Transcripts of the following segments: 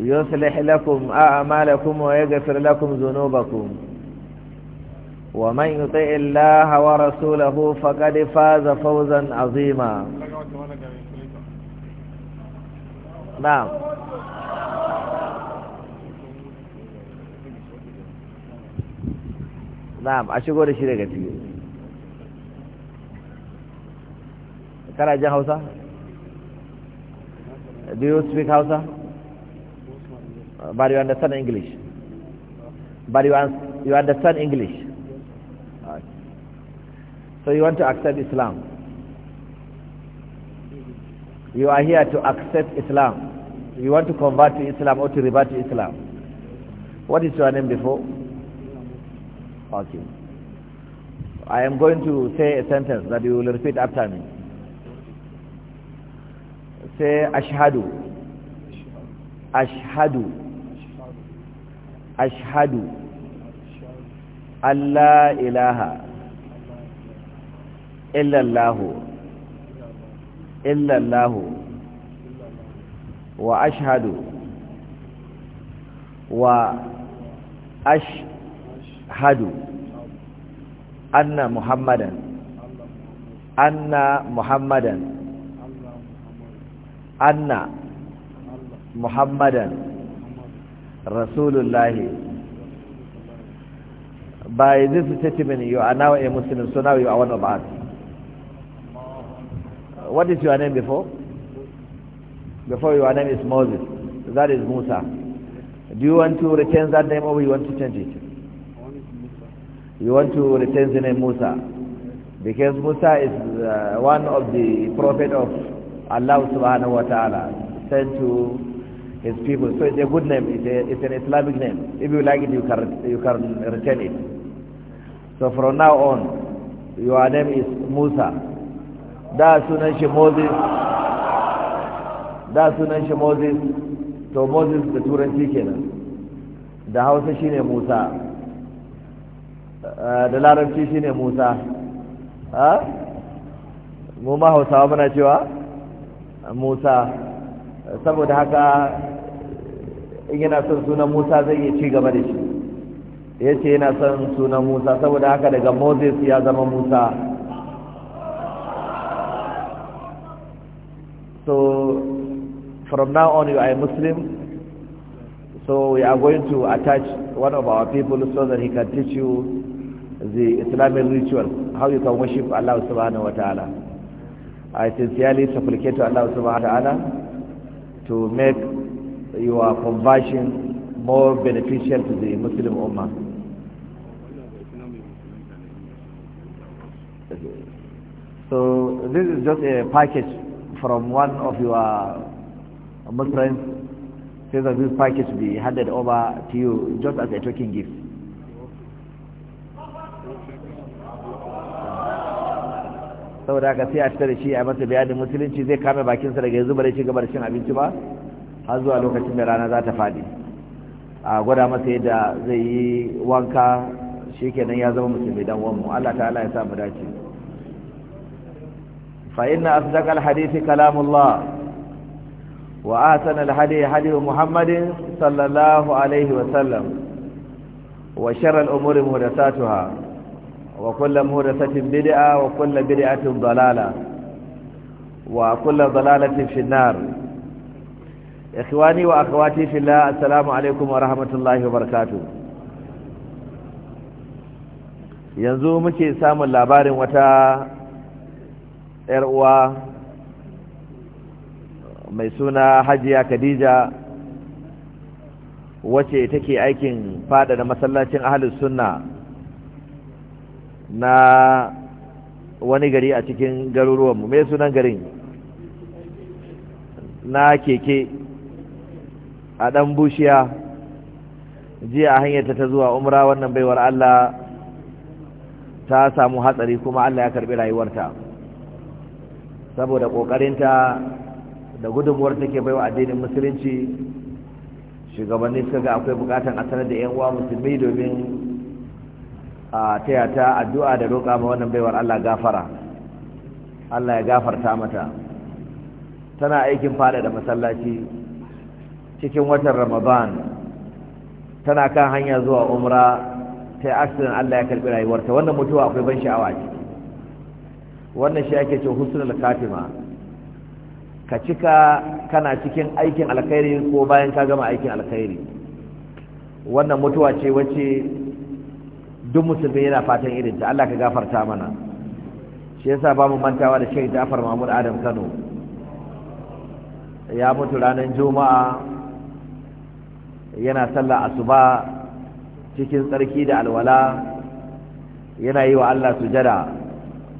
يصلح لكم أعمالكم ويغفر لكم ذنوبكم ومن يطع الله ورسوله فقد فاز فوزا عظيما نعم نعم أشكو da shi daga ciki kana jin Hausa do you speak Hausa Uh, but you understand English but you, you understand English so you want to accept Islam you are here to accept Islam you want to convert to Islam or to revert to Islam what is your name before okay I am going to say a sentence that you will repeat after me say ashhadu ashhadu ashhadu allah ilaha illallahu illallahu wa ashhadu wa ashhadu anna muhammadan anna muhammadan anna muhammadan rasulullahi by this statement you are now a Muslim so now you are one of us what is your name before before your name is Moses that is Musa do you want to retain that name or you want to change it you want to retain the name Musa because Musa is uh, one of the prophet of Allah subhanahu wa ta'ala sent to his people. So it's a good name. It's, a, it's an Islamic name. If you like it, you can, you can retain it. So from now on, your name is Musa. Da sunan shi Moses. Da sunan shi Moses. To Moses da Turanci kenan. Da Hausa shine Musa. Da Larabci ne Musa. Ha? Mu ma Hausawa muna cewa Musa. Saboda haka in yana son sunan musa zai iya ci gaba da shi ya ce yana son sunan musa saboda haka daga moses ya zama musa so from now on you are a muslim so we are going to attach one of our people so that he can teach you the islamic ritual how you can worship allah subhanahu wa ta'ala i sincerely supplicate to allah subhanahu wa ta'ala to make your conversion more beneficial to the Muslim Ummah? So this is just a package from one of your Muslims says that this package will be handed over to you just as a token gift. saboda haka sai a fita da shi a masa bayanin musulunci zai kame bakinsa daga yanzu bare shi gaba da cin abinci ba har zuwa lokacin da rana za ta faɗi a gwada masa yadda zai yi wanka shi kenan ya zama musulmi dan wanmu Allah ta'ala ya sa mu dace fa inna asdaqal hadithi kalamullah wa ahsanal hadi hadi muhammadin sallallahu alaihi wa sallam wa sharral umuri muhdathatuha wa kullu muhdathatin bid'a wa kullu bid'atin dalala wa kullu dalalatin fi an-nar ikhwani wa akhawati fillah assalamu alaikum wa rahmatullahi wa barakatuh yanzu muke samun labarin wata yar uwa mai suna hajiya khadija wace take aikin fada da masallacin ahlus sunna na wani gari a cikin garuruwanmu mai sunan garin na keke a ɗan bushiya jiya a hanyarta ta zuwa umra wannan baiwar Allah ta samu hatsari kuma Allah ya karɓi rayuwarta saboda ƙoƙarinta da gudunmuwar take bai wa addinin musulunci shugabanni suka ga akwai bukatan a sanar da 'yan uwa musulmi domin a taya ta addu'a da roƙa ma wannan baiwar Allah gafara Allah ya gafarta mata tana aikin fada da masallaci cikin watan ramadan tana kan hanya zuwa umra ta accident Allah ya karbi rayuwarta wannan mutuwa akwai ban sha'awa a ciki wannan shi ake ce husnul khatima ka cika kana cikin aikin alkhairi ko bayan ka gama aikin alkhairi wannan mutuwa ce wacce duk musulmi yana fatan irin ta Allah ka gafarta mana shi yasa ba mu mantawa da Sheikh Ja'far Mahmud Adam Kano ya mutu ranar Juma'a yana sallah asuba cikin tsarki da alwala yana yi wa Allah sujada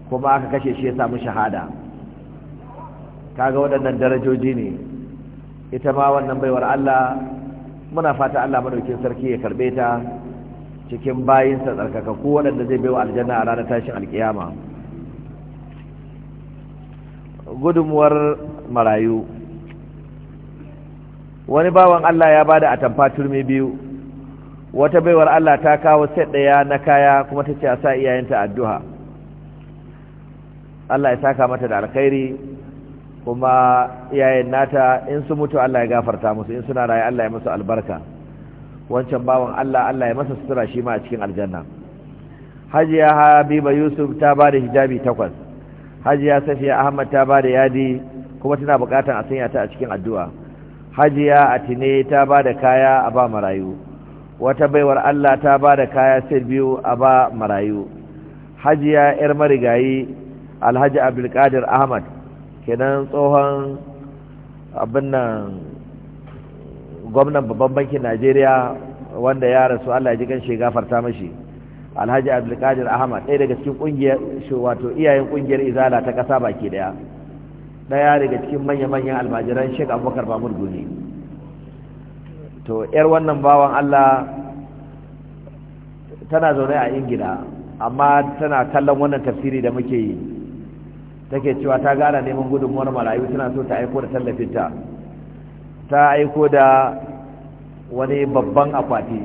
kuma aka kashe shi ya samu shahada kaga waɗannan darajoji ne ita ma wannan baiwar Allah muna fata Allah madaukin sarki ya karbe ta cikin bayinsa ko waɗanda zai baiwa aljanna a ranar tashin alkiyama gudunmuwar marayu wani bawan Allah ya bada atamfa turmi biyu wata baiwar Allah ta kawo set daya na kaya kuma tace a sa iyayenta addu'a Allah ya saka mata da alkhairi kuma iyayen nata in su mutu Allah ya gafarta musu in suna raye Allah ya musu albarka wancan bawan Allah Allah ya masa sutura shi ma a cikin aljanna hajiya habiba yusuf ta bada hijabi takwas hajiya safiya ahmad ta bada yadi kuma tana bukatan a sanya ta a cikin addu'a hajiya a tine ta ba da kaya a ba marayu wata baiwar Allah ta ba da kaya sai biyu a ba marayu hajiya 'yar marigayi alhaji abdulkadir ahmad kenan tsohon abin gwamnan babban bankin najeriya wanda ya rasu Allah ya ji kan gafarta mashi alhaji abdulkadir ahmad ɗaya daga cikin ƙungiyar wato iyayen ƙungiyar izala ta ƙasa baki ɗaya daya daga cikin manya-manyan almajiran sheikh abubakar mamur guni to yar wannan bawan allah tana zaune a ingila amma tana kallon wannan tafsiri da muke yi take cewa ta gara neman gudunmuwar marayu tana so ta aiko da tallafinta ta aiko da wani babban akwati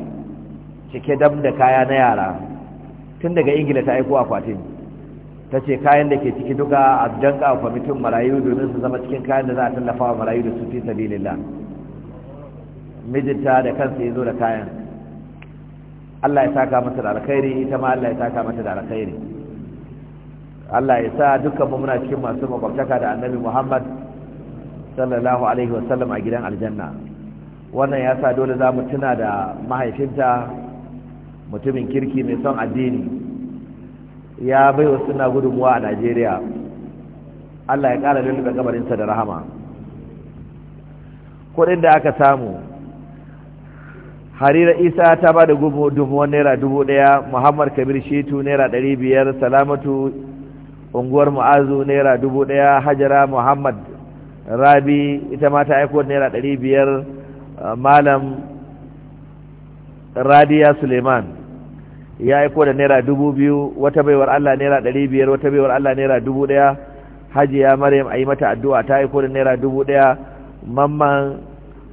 cike dam da kaya na yara tun daga ingila ta aiko akwatin ta ce kayan da ke ciki duka a danka a kwamitin marayu domin su zama cikin kayan da za a tallafa wa marayu da su fi sabilillah mijinta da kansa ya zo da kayan Allah ya saka mata da alkhairi ita ma Allah ya saka mata da alkhairi Allah ya sa dukkan mu muna cikin masu mabartaka da Annabi Muhammad sallallahu alaihi sallam a gidan aljanna wannan ya sa dole za mu tuna da mahaifinta mutumin kirki mai son addini ya bai wa suna gudunmuwa a najeriya allah ya ƙara da kamarinsa da rahama kudin da aka samu harira isa ta ba da gudunmuwan naira dubu ɗaya muhammad kabir shitu naira ɗari biyar salamatu unguwar mu'azu naira dubu ɗaya hajara muhammad rabi ita ma ta aiko naira ɗari biyar malam radiya suleiman ya aiko da naira dubu biyu wata baiwar Allah naira ɗari biyar wata baiwar Allah naira dubu ɗaya hajiya maryam a yi mata addu'a ta aiko da naira dubu ɗaya mamman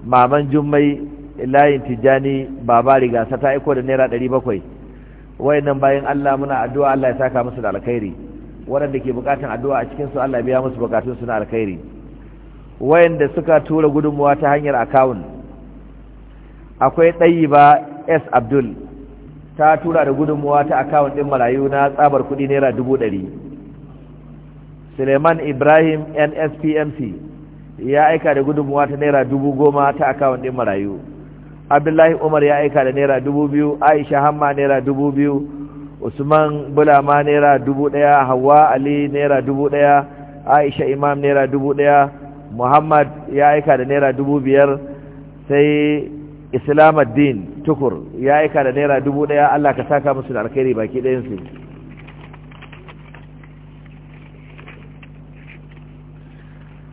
maman jummai layin tijjani baba rigasa ta aiko da naira ɗari bakwai wayannan bayan Allah muna addu'a Allah ya saka musu da alkhairi waɗanda ke bukatan addu'a a cikinsu Allah ya biya musu su na alkhairi wayanda suka tura gudunmuwa ta hanyar akawun akwai ɗayi ba s abdul ta tura da gudunmuwa ta akawun ɗin marayu na tsabar kuɗi naira dubu ɗari suleiman ibrahim nspmc ya aika da gudunmuwa ta naira dubu goma ta akawun ɗin marayu abdullahi umar ya aika da naira dubu biyu aisha hamma naira dubu biyu usman bulama naira dubu ɗaya hawa ali naira dubu ɗaya aisha imam naira dubu ɗaya muhammad ya aika da naira dubu biyar sai din tukur ya aika da naira dubu daya Allah ka saka musu da alkhairi baki ɗayansu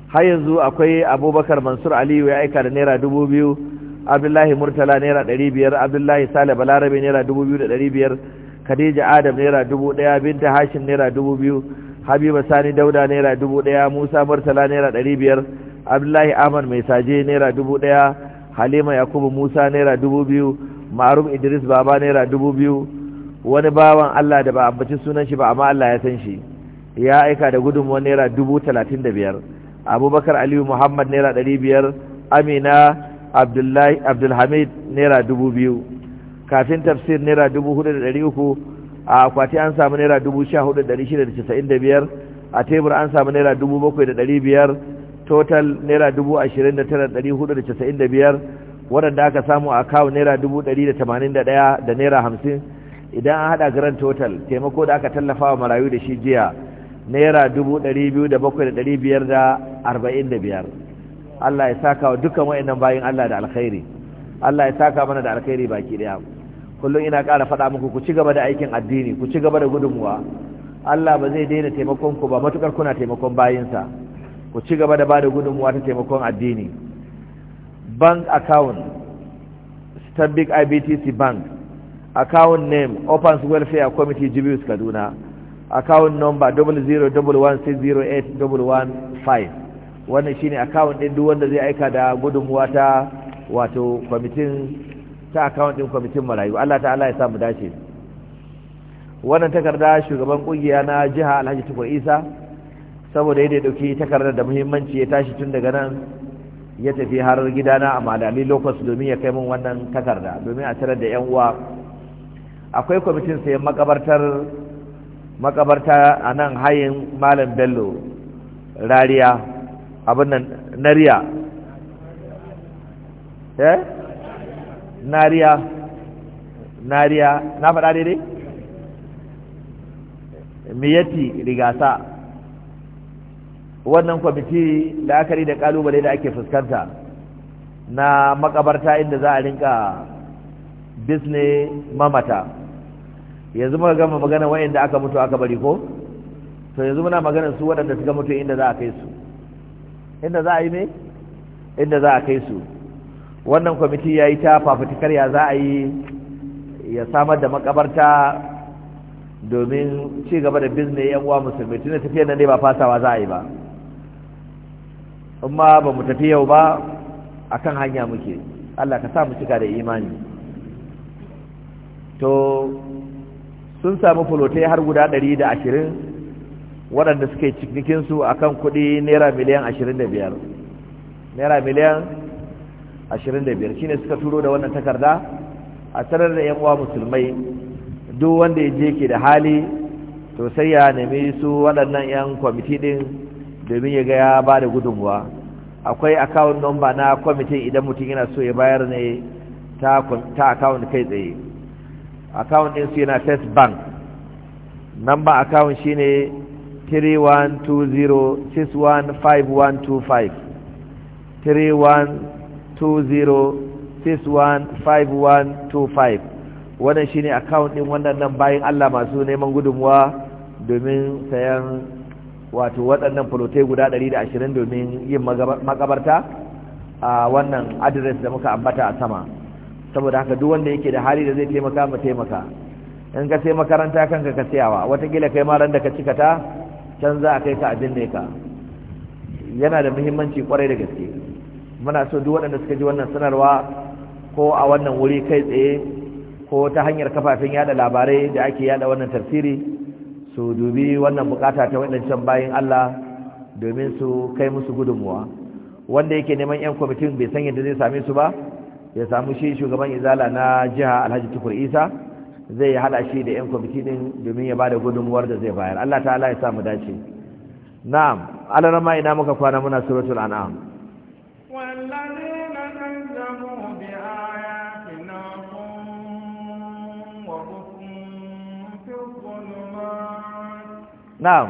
har yanzu akwai abubakar mansur aliyu ya aika da naira dubu biyu abdullahi murtala naira ɗari biyar abdullahi sale balarabe naira dubu biyu da ɗari biyar khadija adam naira dubu ɗaya binta hashim naira dubu biyu habiba sani dauda naira dubu ɗaya musa murtala naira ɗari biyar abdullahi ahmad mai saje naira dubu ɗaya halima yakubu musa naira dubu biyu ma'aruf idris baba naira dubu biyu wani bawan allah da ba ambaci sunan shi ba amma allah ya san shi ya aika da gudunmuwan naira dubu talatin da biyar abubakar aliyu muhammad naira ɗari biyar amina abdulhamid naira dubu biyu kafin tafsir naira dubu hudu da ɗari uku a akwati an samu naira dubu sha hudu da ɗari shida da casa'in da biyar a tebur an samu naira dubu bakwai da ɗari biyar total naira dubu ashirin da tara ɗari hudu da casa'in da biyar waɗanda aka samu a kawo naira dubu ɗari da tamanin da ɗaya da naira hamsin idan an haɗa grand total taimako da aka tallafa wa marayu da shi jiya naira dubu ɗari biyu da bakwai da ɗari biyar da arba'in da biyar Allah ya saka wa dukkan wa'annan bayin Allah da alkhairi Allah ya saka mana da alkhairi baki ɗaya kullum ina ƙara faɗa muku ku ci gaba da aikin addini ku ci gaba da gudunmuwa Allah ba zai daina taimakon ku ba matuƙar kuna taimakon bayinsa ku ci gaba da ba da gudunmuwa ta taimakon addini bank account stanbic ibtc bank account name opens welfare committee jibius kaduna account number 0016081115 wannan shine account din duk wanda zai aika da gudunmuwa ta wato kwamitin ta account din kwamitin marayu Allah ta'ala ya samu dace wannan takarda shugaban kungiya na jiha Alhaji Tukur Isa saboda yadda ya dauki takardar da muhimmanci ya tashi tun daga nan ya tafi har gidana a madani lokacin domin ya kai min wannan takarda domin a tarar da yan uwa akwai kwamitin sayan makabartar makabarta a nan hayin malam bello rariya abin nan nariya eh nariya nariya na faɗa daidai miyati rigasa wannan kwamiti la'akari da kalubale da ake fuskanta na makabarta inda za a rinka bisne mamata yanzu muka gama magana wa'inda aka mutu aka bari ko to yanzu muna magana su waɗanda suka mutu inda za a kai su inda za a yi me inda za a kai su wannan kwamiti ya yi ta fafutukar ya za a yi ya samar da makabarta domin ci gaba da bisne yan uwa musulmi tun da tafiyar nan ne ba fasawa za a yi ba in ma ba mu tafi yau ba akan hanya muke Allah ka sa mu cika da imani to sun samu fulotai har guda 120 waɗanda suke cikinsu a kan kuɗi naira miliyan 25 naira miliyan 25 shine suka turo da wannan takarda a tarar da 'yan uwa musulmai duk wanda ya je ke da hali to sai ya nemi su waɗannan 'yan kwamiti ɗin domin ya ga ya ba da gudunmuwa akwai account number na kwamitin idan mutum yana so ya bayar ne ta account kai tsaye account ɗinsu yana first bank number account ne 3120615125 3120615125 wannan ne account ɗin wannan nan bayan Allah masu neman gudunmuwa domin sayan wato waɗannan fulotai guda ɗari da ashirin domin yin makabarta a wannan adres da muka ambata a sama saboda haka duk wanda yake da hali da zai taimaka mu taimaka in ka sai makaranta kanka ka sayawa watakila kai ma ran da ka cika ta can za a kai ka abin da ka yana da muhimmanci kwarai da gaske muna so duk waɗanda suka ji wannan sanarwa ko a wannan wuri kai tsaye ko ta hanyar kafafen yada labarai da ake yada wannan tafsiri su dubi wannan bukata ta waɗancan bayan Allah domin su kai musu gudunmuwa wanda yake neman 'yan kwamitin bai san yadda zai same su ba ya samu shi shugaban izala na jiha alhaji tukur isa zai hada shi da 'yan kwamiti din domin ya ba da gudunmuwar da zai bayar Allah ta'ala ya sa mu dace na'am alarama ina muka kwana muna suratul an'am na'am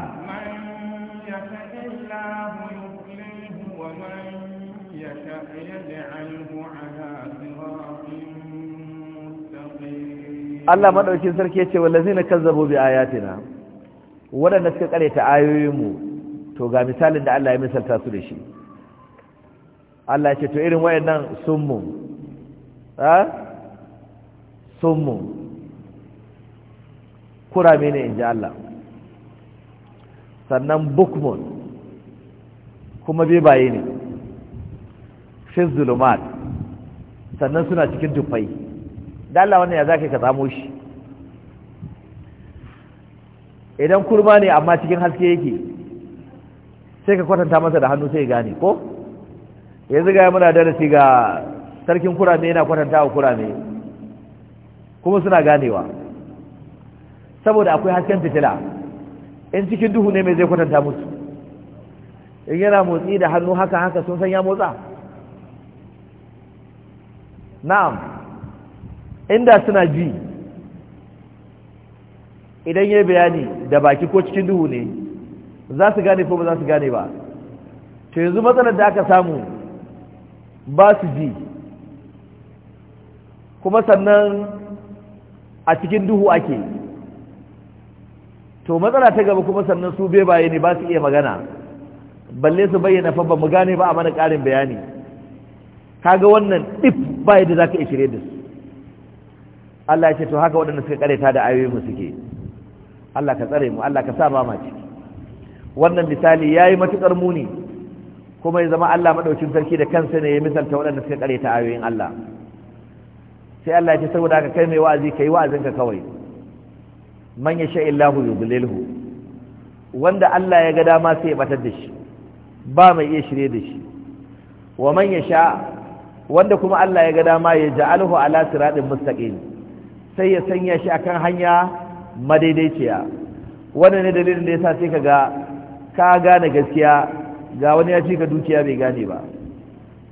Allah madaukin sarki yace wallazina kazzabu bi ayatina wadanda suka ta ayoyinmu to ga misalin da Allah ya misalta su da shi Allah yace to irin wayannan summu ha summu kurame ne ji Allah sannan bukmon kuma bebaye ne fi zulumat sannan suna cikin dufai da Allah wannan ya zaka ka samu shi idan kurma ne amma cikin haske yake sai ka kwatanta masa da hannu sai gane ko yanzu ga muna darasi ga sarkin kurame yana kwatanta wa kurame kuma suna ganewa saboda akwai hasken fitila in cikin duhu ne mai zai kwatanta musu in yana motsi da hannu haka haka sun san ya motsa na'am inda suna ji idan ya bayani da baki ko cikin duhu ne za su gane ko ba za su gane ba to yanzu matsalar da aka samu ba su ji kuma sannan a cikin duhu ake to matsala ta gaba kuma sannan su bai ne ba su iya magana balle su bayyana fa ba mu gane ba a mana ƙarin bayani kaga wannan yadda za ka yi shirye da su Allah ya ce to haka waɗanda suka ta da ayoyin mu suke Allah ka tsare mu Allah ka sa ba ma ciki wannan misali yayi matukar muni kuma ya zama Allah madaukin sarki da kansa ne ya misalta waɗanda suka ta ayoyin Allah sai Allah ya ce saboda haka kai mai wa'azi kai wa'azinka kawai man sha illahu yudlilhu wanda Allah ya ga dama sai ya batar da shi ba mai iya shirye da shi wa man yasha wanda kuma Allah ya ga dama ya ja'alhu ala siratin mustaqim sai ya sanya shi akan hanya madaidaiciya wannan ne dalilin da yasa sai kaga ka gane gaskiya ga wani ya cika dukiya bai gane ba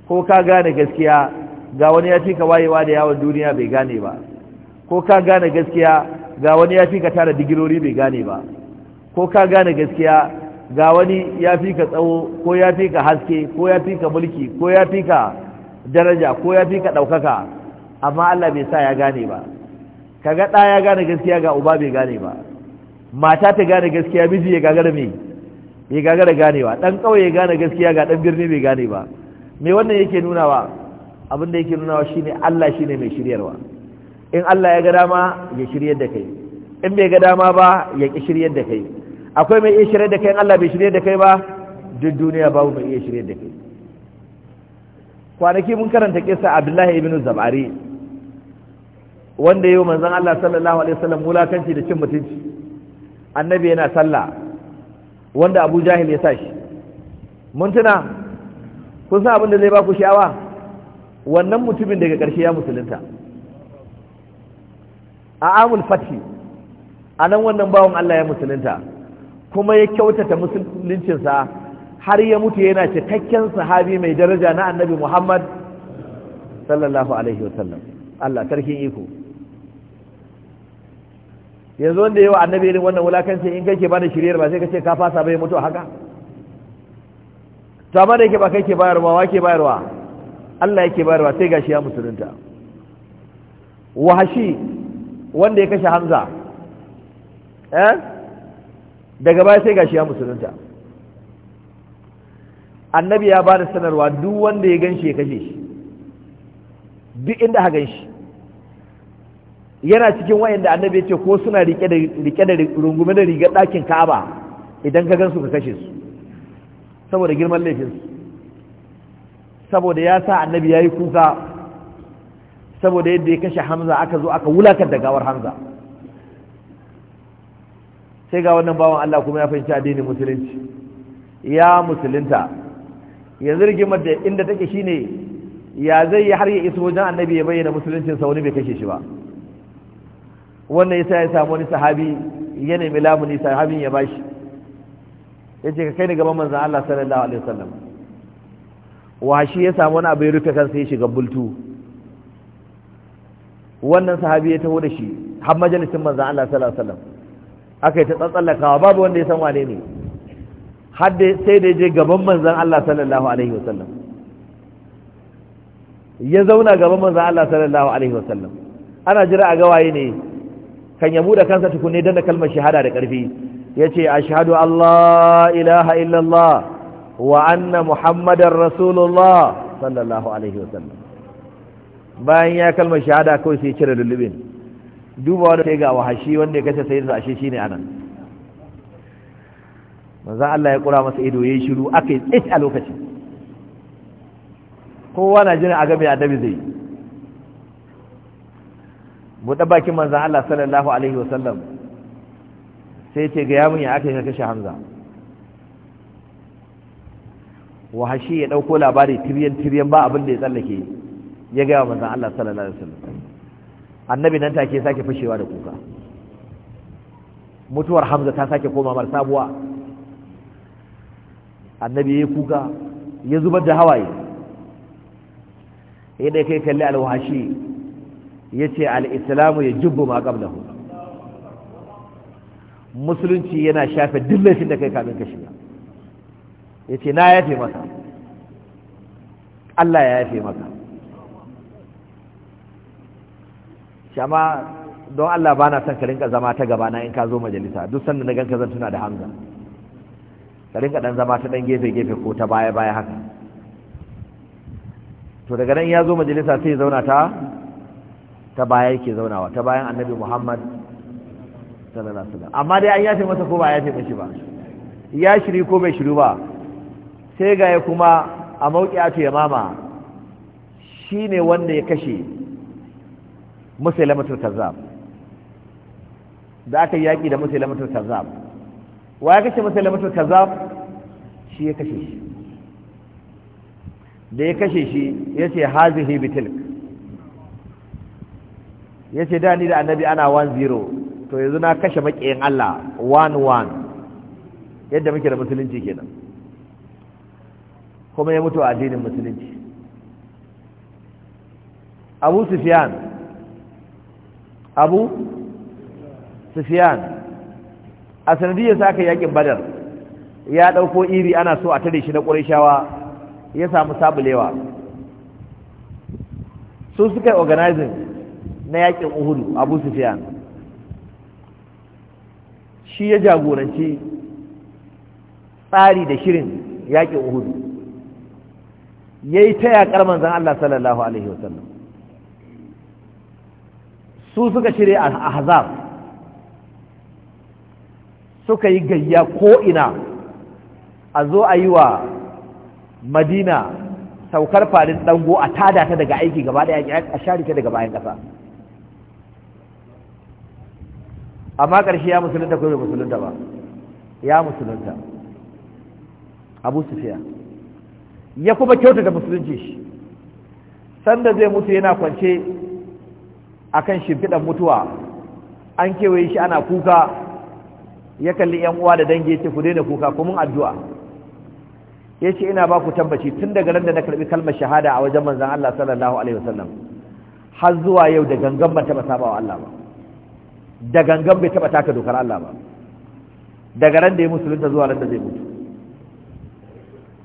ko ka gane gaskiya ga wani ya cika wayewa da yawon duniya bai gane ba ko ka gane gaskiya ga wani ya fi ka tara digirori bai gane ba ko ka gane gaskiya ga wani ya fi ka tsawo ko ya fi ka haske ko ya fi ka mulki ko ya fi ka daraja ko ya fi ka ɗaukaka amma Allah bai sa ya gane ba ga ɗaya ya gane gaskiya ga uba bai gane ba mata ta gane gaskiya miji ya gagara me ya gagara ganewa ɗan ƙauye ya gane gaskiya ga ɗan birni bai gane ba me wannan yake nunawa abin da yake nunawa shine Allah shine mai shiryarwa in Allah ya ga dama ya shirye da kai in bai ga dama ba ya ki shirye da kai akwai mai iya shiryar da kai in Allah bai shirye da kai ba duk duniya babu mai iya shiryar da kai kwanaki mun karanta kisa Abdullahi ibn Zabari wanda yau manzon Allah sallallahu alaihi wasallam mulakanci da cin mutunci annabi yana sallah wanda Abu Jahil ya sa shi mun tuna kun san abin da zai ba ku sha'awa wannan mutumin daga ƙarshe ya musulunta a amul fati a nan wannan bawan Allah ya musulunta kuma ya kyautata musuluncinsa har ya mutu yana cikakken sahabi mai daraja na annabi Muhammad sallallahu alaihi wasallam Allah sarkin iko yanzu wanda yawa annabi irin wannan wulakancin in kai ke bada shiriyar ba sai ka ce ka fasa bai mutu haka to amma da yake ba kai ke bayarwa wa ke bayarwa Allah yake bayarwa sai gashi ya musulunta wahashi wanda ya kashe hamza eh daga baya sai gashi ya musulunta annabi ya bada sanarwa duk wanda ya ganshi ya kashe shi duk inda ha ganshi yana cikin wayanda annabi ya ce ko suna rike da rungume da rigar ɗakin Ka'aba idan ka gansu ka kashe su saboda girman laifin su saboda ya sa annabi ya yi kuka saboda yadda ya kashe hamza aka zo aka wulakar da gawar hamza sai ga wannan bawan Allah kuma ya fahimci addinin musulunci ya musulunta yanzu rigimar da inda take shine ya zai yi har ya iso wajen annabi ya bayyana musuluncin sa wani bai kashe shi ba wannan yasa ya samu wani sahabi ya nemi lamuni sahabin ya bashi Ya ce ka kai ni gaban manzon Allah sallallahu alaihi wasallam shi ya samu wani abu ya rufe kansa ya shiga bultu wannan sahabi ya taho da shi har majalisin manzan Allah sallallahu alaihi wasallam aka yi ta tsatsallakawa babu wanda ya san wane ne har sai da je gaban manzan Allah sallallahu alaihi wasallam ya zauna gaban manzan Allah sallallahu alaihi wasallam ana jira a gawaye ne kan ya bude kansa tukunne dan da kalmar shahada da karfi yace ashhadu Allah ilaha illallah wa anna muhammadar rasulullah sallallahu alaihi wasallam bayan ya kalma shahada kawai sai cire lullubin duba wanda sai ga wahashi wanda ya kashe sai da ashe shine anan manzo Allah ya kura masa ido yayin shiru aka yi tsit a lokacin kowa na jira a ga a dabi zai da bakin manzo Allah sallallahu alaihi wa sallam, sai ce ga yamin ya aka ka kashe Hamza wahashi ya dauko labari tiryan tiryan ba abin da ya tsallake ya gaya wa manzon Allah sallallahu alaihi wasallam annabi nan take sake fashewa da kuka mutuwar Hamza ta sake koma mar sabuwa annabi ya kuka ya zubar da hawaye ya dai kai kalli alwashi yace al ya yajubbu ma qablahu musulunci yana shafe duk laifin da kai kamin ka shiga yace na yafe maka Allah ya yafe maka ce amma don Allah ba na son ka rinka zama ta gaba na in ka zo majalisa duk sanda na ganka zan tuna da Hamza ka rinka dan zama ta dan gefe gefe ko ta baya baya haka to daga nan ya zo majalisa sai ya zauna ta ta baya yake zaunawa ta bayan Annabi Muhammad sallallahu alaihi amma dai an yafe masa ko ba yafe mashi ba ya shiri ko bai shiru ba sai ga ya kuma a mauki ya mama shine wanda ya kashe musulamatul kazzab da aka yaki da musulamatul kazzab wa ya kashe musulamatul kazzab shi ya kashe shi da ya kashe shi ya ce hazihi bitilk ya ce da ni da annabi ana 1-0 to yanzu na kashe maƙiyin Allah 1-1 yadda muke da musulunci kenan kuma ya mutu a addinin musulunci abu sufyan abu sufiyan a sanadiyar sa aka yakin badar ya ɗauko iri ana so a tare shi na ƙurishawa ya samu sabulewa su suka yi organizing na yakin uhudu abu sufiyan shi ya jagoranci tsari da shirin yakin uhudu ya yi ta yaƙar manzan Allah sallallahu Alaihi wasallam su suka shirya a ahzab suka yi gayya ko'ina a zo a yi wa madina saukar farin dango a tada ta daga aiki gaba daya a shari ta daga bayan kasa amma ƙarshe ya musulunta ko bai musulunta ba ya musulunta abu sufiya ya kuma kyautata musulunci shi sanda zai mutu yana kwance akan shimfiɗar mutuwa an kewaye shi ana kuka ya kalli yan uwa da dangi ce ku daina kuka kuma addu'a ya ce ina ba ku tabbaci tun daga ran da na karɓi kalmar shahada a wajen manzan Allah sallallahu alaihi wasallam har zuwa yau da gangan ban taɓa saba wa Allah ba da gangan bai taɓa taka dokar Allah ba daga ran da ya musulunta zuwa ran da zai mutu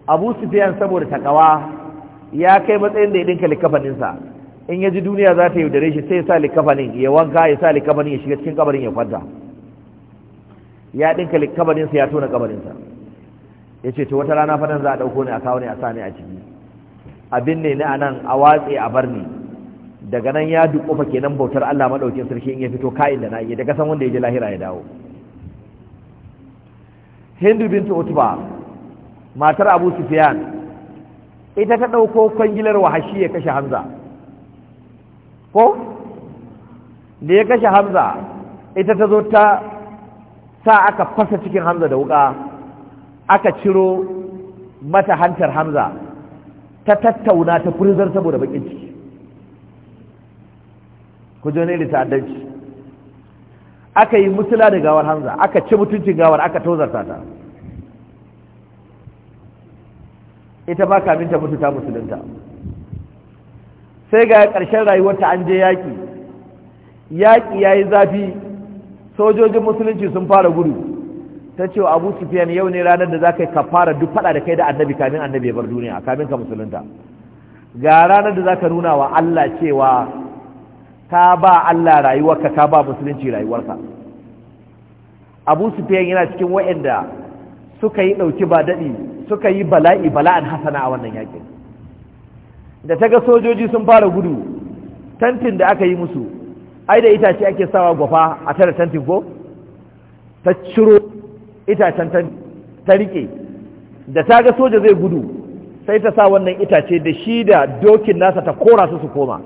Abu Sufyan saboda takawa ya kai matsayin da ya dinka likafaninsa in ya ji duniya za ta yaudare shi sai ya sa likafanin ya wanka ya sa likafanin ya shiga cikin kabarin ya kwanta ya ɗinka likafaninsa ya tona sa. ya ce to wata rana fadan za a ɗauko ne a kawo ne a sa a ciki abin ne na anan a watsi a bar daga nan ya duƙufa kenan bautar Allah madaukin sarki in ya fito ka'in da nayi daga san wanda ya je lahira ya dawo hindu bintu utba matar abu sufyan ita ta ɗauko kwangilar wahashi ya kashe hamza ko da ya kashe hamza ita ta zo ta sa aka fasa cikin hamza da wuka aka ciro mata hantar hamza ta tattauna ta furzar saboda bakin ciki ku jo ne aka yi musula da gawar hamza aka ci mutuncin gawar aka tozarta ta ita ba kamin ta mutu ta musulunta sai ga ƙarshen rayuwarta an je yaƙi yaƙi ya yi zafi sojojin musulunci sun fara gudu ta ce abu sufiyan yau ne ranar da za ka yi ka fara duk faɗa da kai da annabi kamin annabi ya bar duniya kamin ka musulunta ga ranar da za ka nuna wa allah cewa ka ba allah rayuwarka ka ba musulunci rayuwarka abu sufiyan yana cikin wa'anda suka yi ɗauki ba daɗi suka yi bala'i bala'an hasana a wannan yakin. da ta ga sojoji sun fara gudu tantin da aka yi musu ai da itace ake sawa gwafa a tare tantin ko ta ciro itacen ta rike da ta ga soja zai gudu sai ta sa wannan itace da shi da dokin nasa ta kora su su koma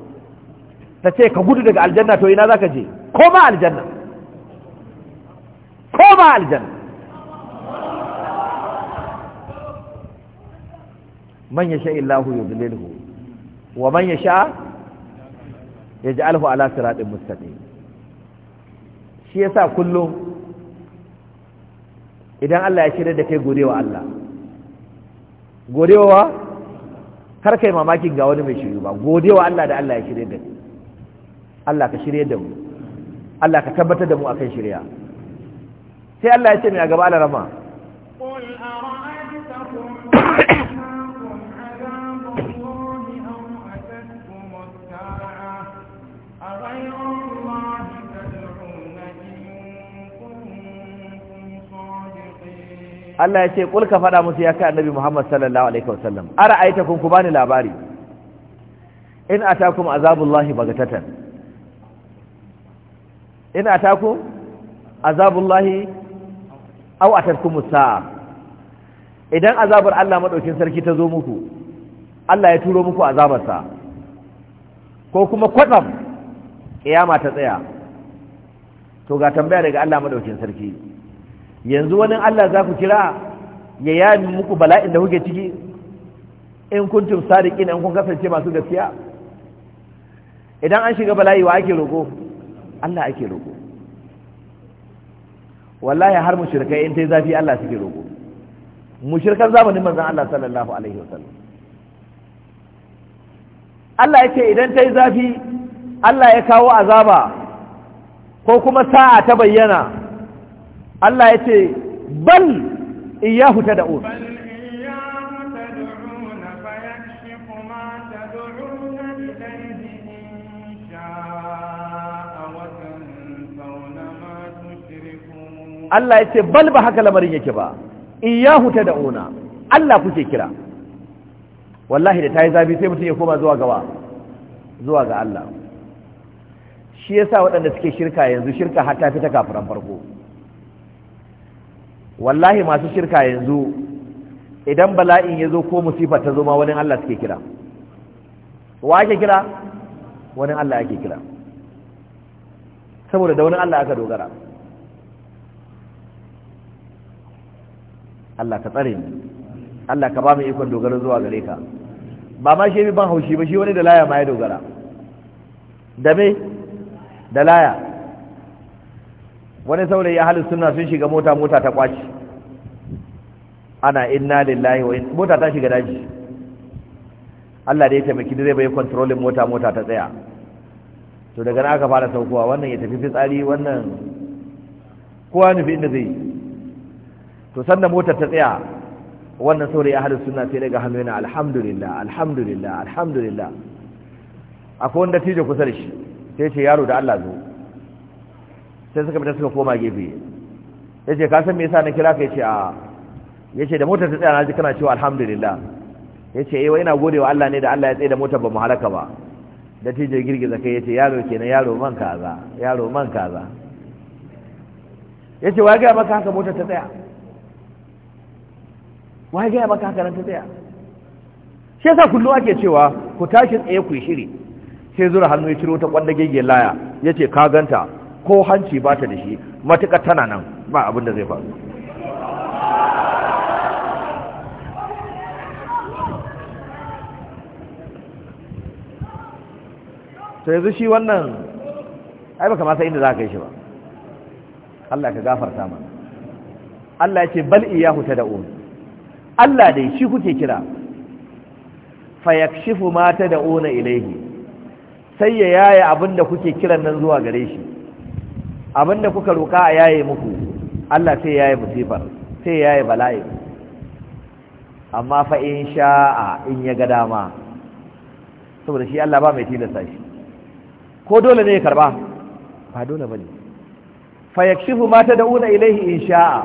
ta ce ka gudu daga aljanna to ina za ka je koma aljanna koma aljanna man ya sha'illahu yudlilhu wa man yasha yaj'alhu ala siratin mustaqim shi yasa kullum idan Allah ya shirya da kai godewa Allah godewa kar kai mamakin ga wani mai shiru ba godewa Allah da Allah ya shirya da kai Allah ka shirya da mu Allah ka tabbatar da mu akan shirya sai Allah ya ce mai a gaba alarama Allah ya ce kul ka faɗa musu ya kai annabi Muhammad sallallahu alaihi wasallam ara aita kun ku bani labari in atakum azabullahi bagatatan in atakum azabullahi aw atakum musa'a. idan azabar Allah madaukin sarki ta zo muku Allah ya turo muku azabarsa ko kuma kwatsam kiyama ta tsaya to ga tambaya daga Allah madaukin sarki yanzu wani Allah za ku kira ya yami muku bala'in da kuke ciki in kuntum sadiqin in kun kasance masu gaskiya idan an shiga bala'i wa ake roƙo Allah ake roƙo wallahi har mushrikai in tai zafi Allah suke roƙo mushrikan zamanin manzon Allah sallallahu alaihi wasallam Allah yake idan tai zafi Allah ya kawo azaba ko kuma sa'a ta bayyana Allah ya ce bal iyahu ta da'un Allah ya ce bal ba haka lamarin yake ba iyahu ta da'una Allah kuke kira wallahi da ta yi zafi sai mutum ya koma zuwa gawa zuwa ga Allah shi yasa waɗanda suke shirka yanzu shirka har ta fi ta kafin farko wallahi masu shirka yanzu idan bala'in ya zo ko musifa ta zo ma wani Allah suke kira wa ake kira wani Allah ake kira saboda da wani Allah aka dogara Allah ka tsare ni Allah ka ba mu ikon dogaro zuwa gare ka ba ma shi ban haushi ba shi wani da laya ma ya dogara da me da laya wani saurayi ahalus suna sun shiga mota mota ta kwaci ana inna lillahi wa inna mota ta shiga daji Allah da ya taimaki direba ya controlling mota mota ta tsaya to daga nan aka fara saukowa wannan ya tafi fitsari wannan kowa nufi inda zai to sannan motar ta tsaya wannan saurayi ahalus suna sai daga hannu yana alhamdulillah alhamdulillah alhamdulillah akwai wanda tije kusa da shi sai ce yaro da Allah zo sai suka fita suka koma gefe ya ce kasan mai me yasa na kira ka ce a ya ce da motar ta tsaya na ji kana cewa alhamdulillah ya ce eh, wa ina gode wa Allah ne da Allah ya tsaye da motar ba mu halaka ba da tijar girgiza kai ya ce yaro kenan yaro man kaza yaro man kaza ya ce wa gaya maka haka motar ta tsaya wa gaya maka haka nan ta tsaya shi yasa kullum ake cewa ku tashi tsaye ku shiri sai zura hannu ya ciro ta kwanda gegen laya ya ce ka ganta ko hanci ba ta da shi matuƙa tana nan ba abin da zai faru to yanzu shi wannan ai baka san inda za ka yi shi ba Allah ka gafarta mana Allah ya ce bal iyahu tad'un Allah dai shi kuke kira fayakshifu ma na ilaihi. sai ya yaya abinda kuke kiran nan zuwa gare shi abinda kuka roka a yaye muku Allah sai yaye musibar sai yaye bala'i amma fa in sha'a in ya ga dama saboda shi Allah ba mai tilasta shi ko dole ne ya karba ba dole bane fa yakshifu ma tad'una ilayhi in sha'a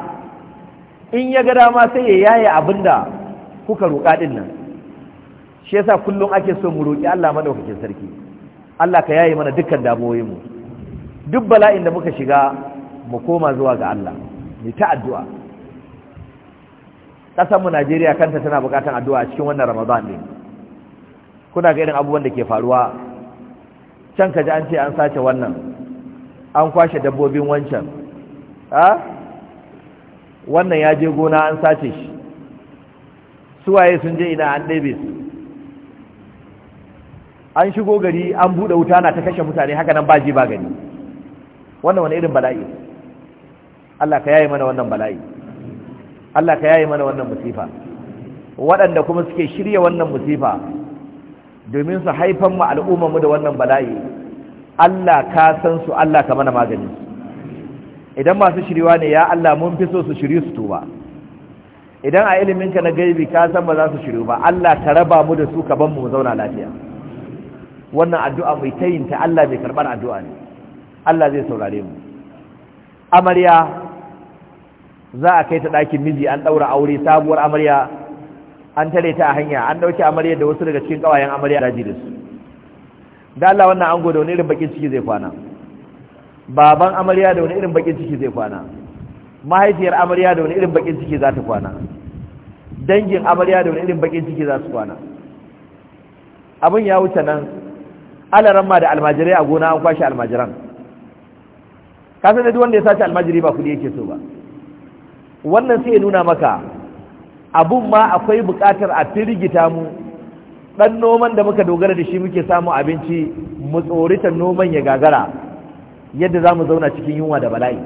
in ya ga dama sai ya yaye abinda kuka roka din nan shi yasa kullum ake so mu roki Allah madaukakin sarki Allah ka yaye mana dukkan damuwoyin mu duk bala'in da muka shiga mu koma zuwa ga Allah mu ta addu'a ƙasarmu Najeriya kanta tana buƙatar addu'a a cikin wannan Ramadan ne kuna ga irin abubuwan da ke faruwa can ka ji an ce an sace wannan an kwashe dabbobin wancan ha wannan ya je gona an sace shi suwaye sun je ina an ɗebe an shigo gari an buɗe wuta na ta kashe mutane haka nan ba ji ba gani wannan wani irin bala'i Allah ka yaye mana wannan bala'i Allah ka yaye mana wannan musifa waɗanda kuma suke shirya wannan musifa domin su haifan mu al'umma mu da wannan bala'i Allah ka san su Allah ka mana magani idan masu shiriwa ne ya Allah mun fi so su shiri su tuba idan a iliminka na gaibi ka san ba za su shiru ba Allah ka raba mu da su ka ban mu zauna lafiya wannan addu'a mai tayin ta Allah bai karbar addu'a ne Allah zai saurare mu amarya za a kai ta ɗakin miji an ɗaura aure sabuwar amarya an tare ta a hanya an ɗauki amarya da wasu daga cikin ƙawayen amarya da su da Allah wannan an gode wani irin bakin ciki zai kwana baban amarya da wani irin bakin ciki zai kwana mahaifiyar amarya da wani irin bakin ciki za ta kwana dangin amarya da wani irin bakin ciki za su kwana abin ya wuce nan alaran ma da almajirai a gona an kwashe almajiran ka san duk wanda ya sace almajiri ba kudi yake so ba wannan sai ya nuna maka abun ma akwai buƙatar a firgita mu dan noman da muka dogara da shi muke samu abinci mu tsorita noman ya gagara yadda za mu zauna cikin yunwa da bala'i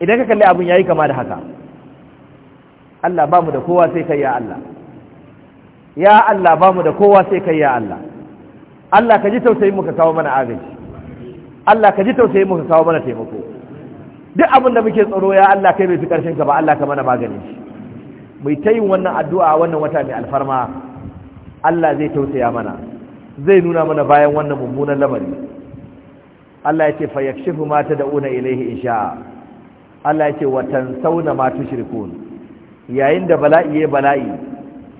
idan ka kalli abin yayi kama da haka Allah ba mu da kowa sai kai ya Allah ya Allah ba mu da kowa sai kai ya Allah Allah ka ji tausayin mu ka kawo mana agaji Allah ka ji tausayin mu kawo mana taimako duk abin da muke tsaro ya Allah kai bai fi karshen ka ba Allah ka mana magani shi mai ta yin wannan addu'a wannan wata mai alfarma Allah zai tausaya mana zai nuna mana bayan wannan mummunan lamari Allah ya ce fa da una tad'una in insha Allah ya ce wa tansawna ma tushrikun yayin da bala'i ya bala'i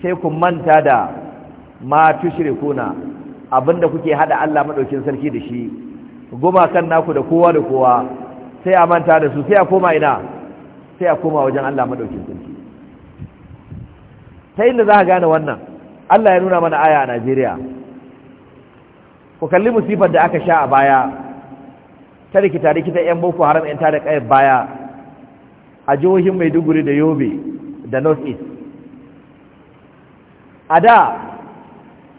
sai ku manta da ma tushrikuna abinda kuke hada Allah madaukin sarki da shi gumakan naku da kowa da kowa sai a manta da su sai a koma ina sai a koma wajen Allah madaukin sarki ta inda za a gane wannan Allah ya nuna mana aya a Najeriya ku kalli musifar da aka sha a baya ta rikita rikita 'yan boko haram 'yan tare kayan baya a jihohin maiduguri da yobe da north east a da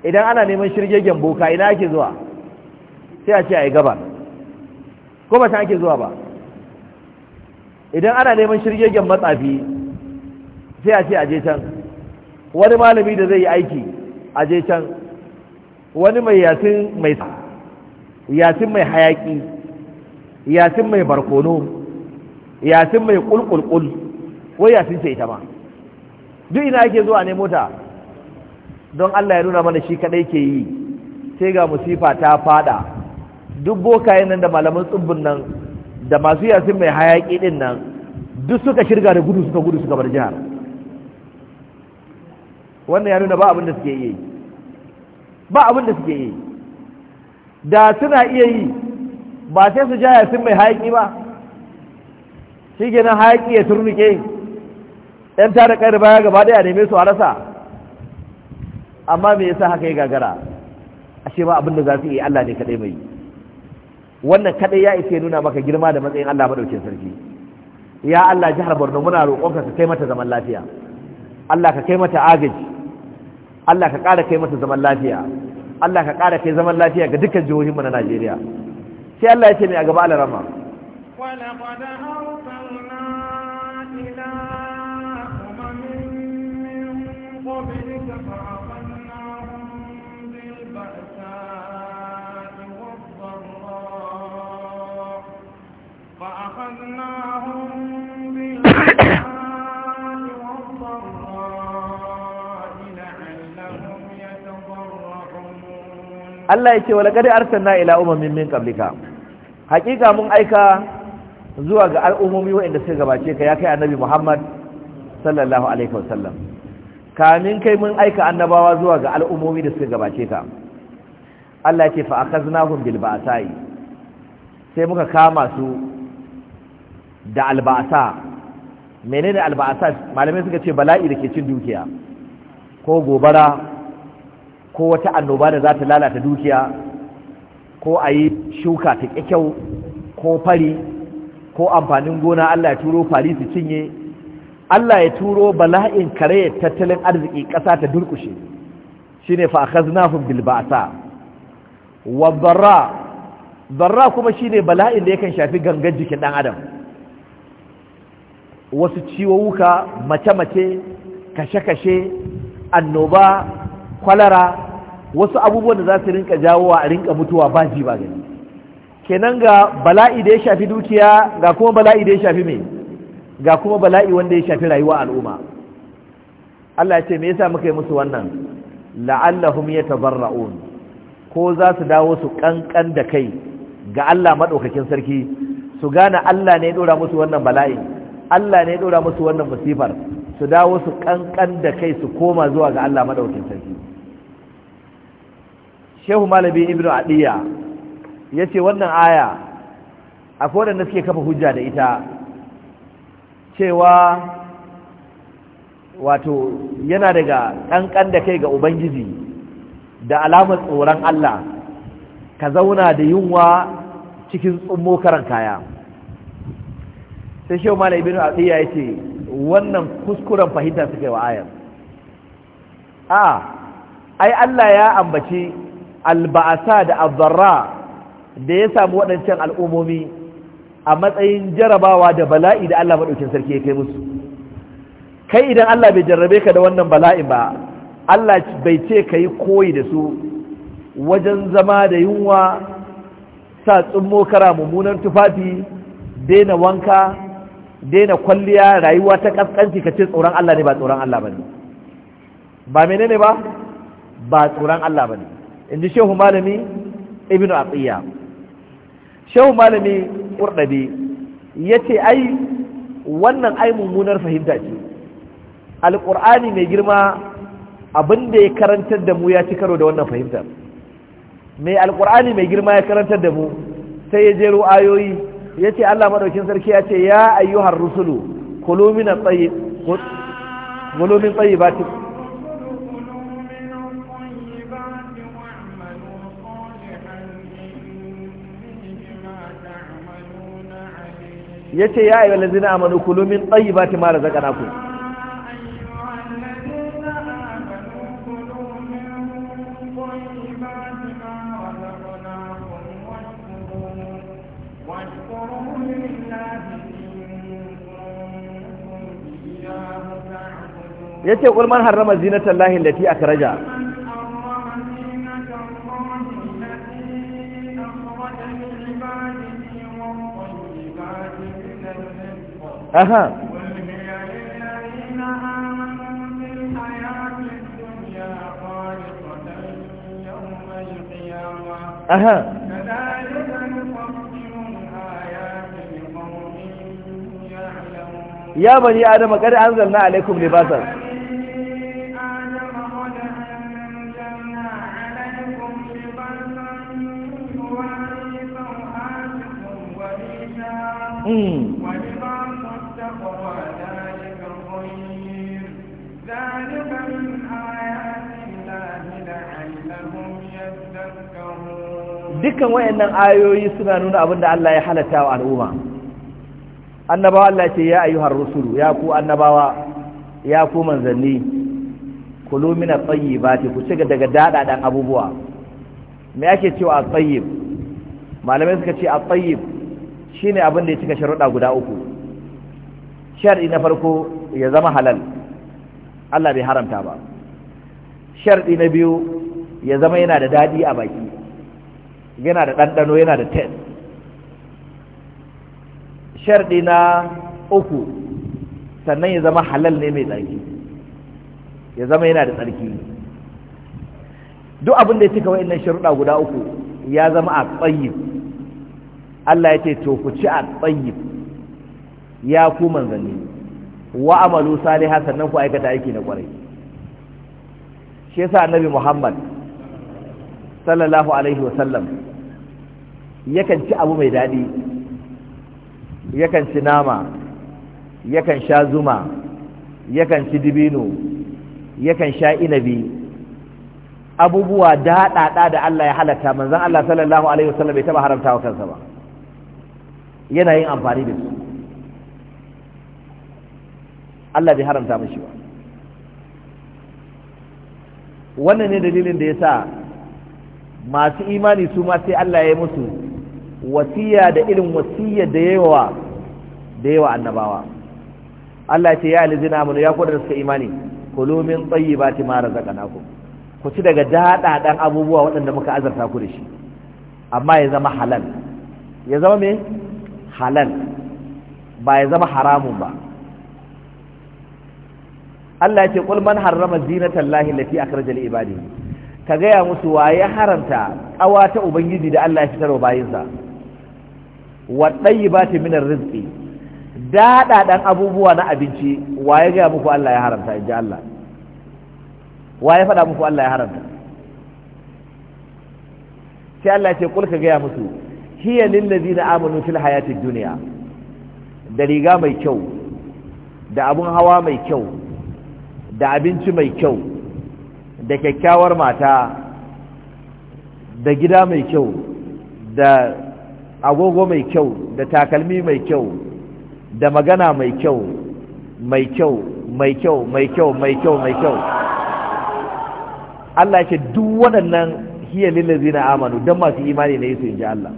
idan ana neman shirgegen boka ina ake zuwa sai a ce a yi gaba ko ba ta ake zuwa ba idan ana neman shirgegen matsafi sai a ce a je can wani malami da zai yi aiki a je can wani mai yasin mai yasin mai hayaki yasin mai barkono yasin mai kulkulkul wai yasin ce ita ma duk ina ake zuwa ne mota don Allah ya nuna mana shi kadai ke yi sai ga musifa ta fada duk bokayen nan da malaman tsibbin nan da masu yasin mai hayaki din nan duk suka shirga da gudu suka gudu suka bar jihar wannan ya nuna ba abin da suke yi ba abin da suke yi da suna iya yi ba sai su ja yasin mai hayaki ba shi kenan hayaki ya turnuke yan ta da da baya gaba daya neme su a rasa amma me yasa haka ya gagara ashe ba abin da za su yi Allah ne kadai mai yi wannan kadai ya isa nuna maka girma da matsayin Allah madaukin sarki ya Allah jihar Borno muna roƙonka ka kai mata zaman lafiya Allah ka kai mata agaji Allah ka ƙara kai mata zaman lafiya Allah ka ƙara kai zaman lafiya ga dukkan jihohin mu na Najeriya sai Allah ya ce ne a gaba alarama Allah ya ce wala qad arsalna ila umamin min qablika hakika mun aika zuwa ga al'ummomi waɗanda suka gabace ka ya kai annabi Muhammad sallallahu alaihi wasallam kamin kai mun aika annabawa zuwa ga al'ummomi da suka gabace ka Allah ya ce fa akhaznahum bil ba'sa'i sai muka kama su da alba'sa menene alba'sa malamai suka ce bala'i da ke cin dukiya ko gobara ko wata annoba da za ta lalata dukiya ko a yi shuka ta kyau ko fari ko amfanin gona Allah ya turo fari su cinye Allah ya turo bala'in kare tattalin arziki ƙasa ta durkushe shi ne fa'akaznahun bilbasa wa barra barra kuma shi ne bala'in da yakan shafi gangan jikin ɗan adam wasu ciwo wuka mace-mace kashe-kashe annoba kwalara wasu abubuwan da za su rinka jawowa a rinka mutuwa ba ji ba gani kenan ga bala'i da ya shafi dukiya ga kuma bala'i da ya shafi mai ga kuma bala'i wanda ya shafi rayuwa al'umma Allah ya ce me yasa muka yi musu wannan la'allahum yatabarra'un ko za su dawo su kankan da kai ga Allah madaukakin sarki su gane Allah ne ya dora musu wannan bala'i Allah ne ya dora musu wannan musibar su dawo su kankan da kai su koma zuwa ga Allah madaukakin sarki shehu malami ibn adiya ce wannan aya akwai wadanda suke kafa hujja da ita cewa wato yana daga ƙanƙan da kai ga ubangiji da alamar tsoron Allah ka zauna da yunwa cikin tsummo karan kaya sai shehu malami ibn adiya ce, wannan kuskuren fahimta suke wa ayar a ai Allah ya ambaci alba'asa da abdarra da ya samu waɗancan al'ummomi a matsayin jarabawa da bala'i da Allah maɗaukin sarki ya kai musu kai idan Allah bai jarrabe ka da wannan bala'i ba Allah bai ce ka yi koyi da su wajen zama da yunwa sa tsummo kara mummunan tufafi daina wanka daina kwalliya rayuwa ta kaskanci ka ce tsoron Allah ne ba tsoron Allah ba ne ba menene ba ba tsoron Allah ba ne inji shehu malami ibn Atiyya. shehu malami qurdabi yace ai wannan ai mummunar fahimta ce alqur'ani mai girma abinda ya karantar da mu ya ci karo da wannan fahimta mai alqur'ani mai girma ya karantar da mu sai ya jero ayoyi yace Allah madaukin sarki ya ce ya ayyuhar rusulu kulu min tayyib yace ya ayyuhal ladzina amanu kulu min tayyibati ma razaqnakum yace kul man harrama zinatan lati a akraja aha aha ya bani adama kada anzalna alaikum libasan dukkan wayannan ayoyi suna nuna abin da Allah ya halatta wa al'umma annabawa Allah ce ya ayyuhar rusulu ya ku annabawa ya ku manzanni kulu min at-tayyibati ku ci daga dadadan abubuwa me ake cewa at-tayyib malamai suka ce at-tayyib shine abin da ya cika sharuɗa guda uku shar'i na farko ya zama halal Allah bai haramta ba shar'i na biyu ya zama yana da dadi a baki yana da ɗanɗano yana da ten sharɗi na uku sannan ya zama halal ne mai tsarki ya zama yana da tsarki duk abin da ya cika inan sharuɗa guda uku ya zama a tsayib Allah ya ce to ku ci a tsayib ya ku manzanni wa amalu saliha sannan ku aikata aiki na kwarai shi yasa annabi Muhammad sallallahu alaihi wasallam yakan ci abu mai daɗi yakan ci nama yakan sha zuma yakan ci dibino yakan sha inabi abubuwa daɗaɗa da Allah ya halatta manzan Allah sallallahu alaihi wasallam bai taɓa haramta wa kansa ba yana yin amfani da su Allah bai haramta mashi ba wannan ne dalilin da ya sa masu imani su ma sai Allah ya yi musu wasiya da irin wasiya da yawa da yawa annabawa Allah ce ya alizina amanu ya kudu suka imani kulu min tayyibati ma razaqnakum ku ci daga dadadan abubuwa waɗanda muka azarta ku da shi amma ya zama halal ya zama me halal ba ya zama haramun ba Allah ya ce qul man harrama zinata allahi allati akhraja li ibadihi ka gaya musu wa ya haramta Ƙawata ta ubangiji da Allah ya fitar wa bayinsa wa tayyibati min arzqi dada dan abubuwa na abinci wa ya gaya muku Allah ya haramta inji Allah wa ya faɗa muku Allah ya haramta sai Allah ya ce kul ka gaya musu hiya lil ladina amanu fil hayatid duniya. da riga mai kyau da abun hawa mai kyau da abinci mai kyau da kyakkyawar mata da gida mai kyau da agogo mai kyau da takalmi mai kyau da magana mai kyau mai kyau mai kyau mai kyau mai kyau mai kyau Allah ya ce duk waɗannan hiya na amanu don masu imani ne su inji Allah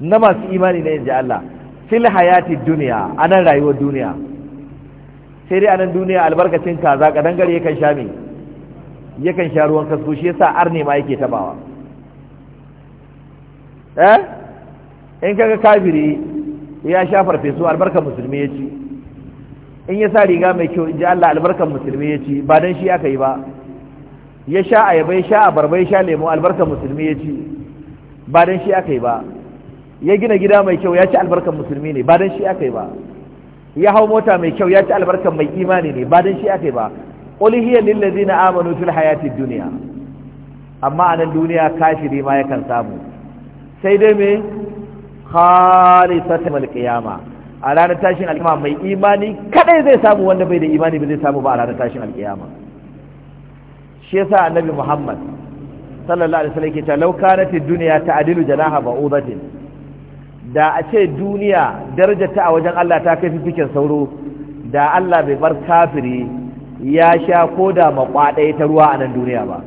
na masu imani ne ji Allah fil hayati duniya anan rayuwar duniya sai dai anan duniya albarkacin kaza kadan gare kan sha yakan sha ruwan kasko shi yasa arne ma yake tabawa eh in kaga kafiri ya sha farfesu albarkar musulmi ya ci in ya sa riga mai kyau in ji Allah albarkar musulmi ya ci ba dan shi aka yi ba ya sha ayaba ya sha abarba ya sha lemo albarkar musulmi ya ci ba dan shi aka yi ba ya gina gida mai kyau ya ci albarkar musulmi ne ba dan shi aka yi ba ya hau mota mai kyau ya ci albarkar mai imani ne ba dan shi aka yi ba qul hiya lil ladina amanu fil hayati dunya amma anan duniya kafiri ma yakan samu sai dai me khalisatan alqiyama a ranar tashin alkiyama mai imani kadai zai samu wanda bai da imani ba zai samu ba a ranar tashin alkiyama shi yasa annabi muhammad sallallahu alaihi wasallam ke ta law kanat ad-dunya ta'dilu janaha ba'udatin da a ce duniya darajarta a wajen Allah ta kai fifikin sauro da Allah bai bar kafiri ya sha ko da makwaɗai ta ruwa a nan duniya ba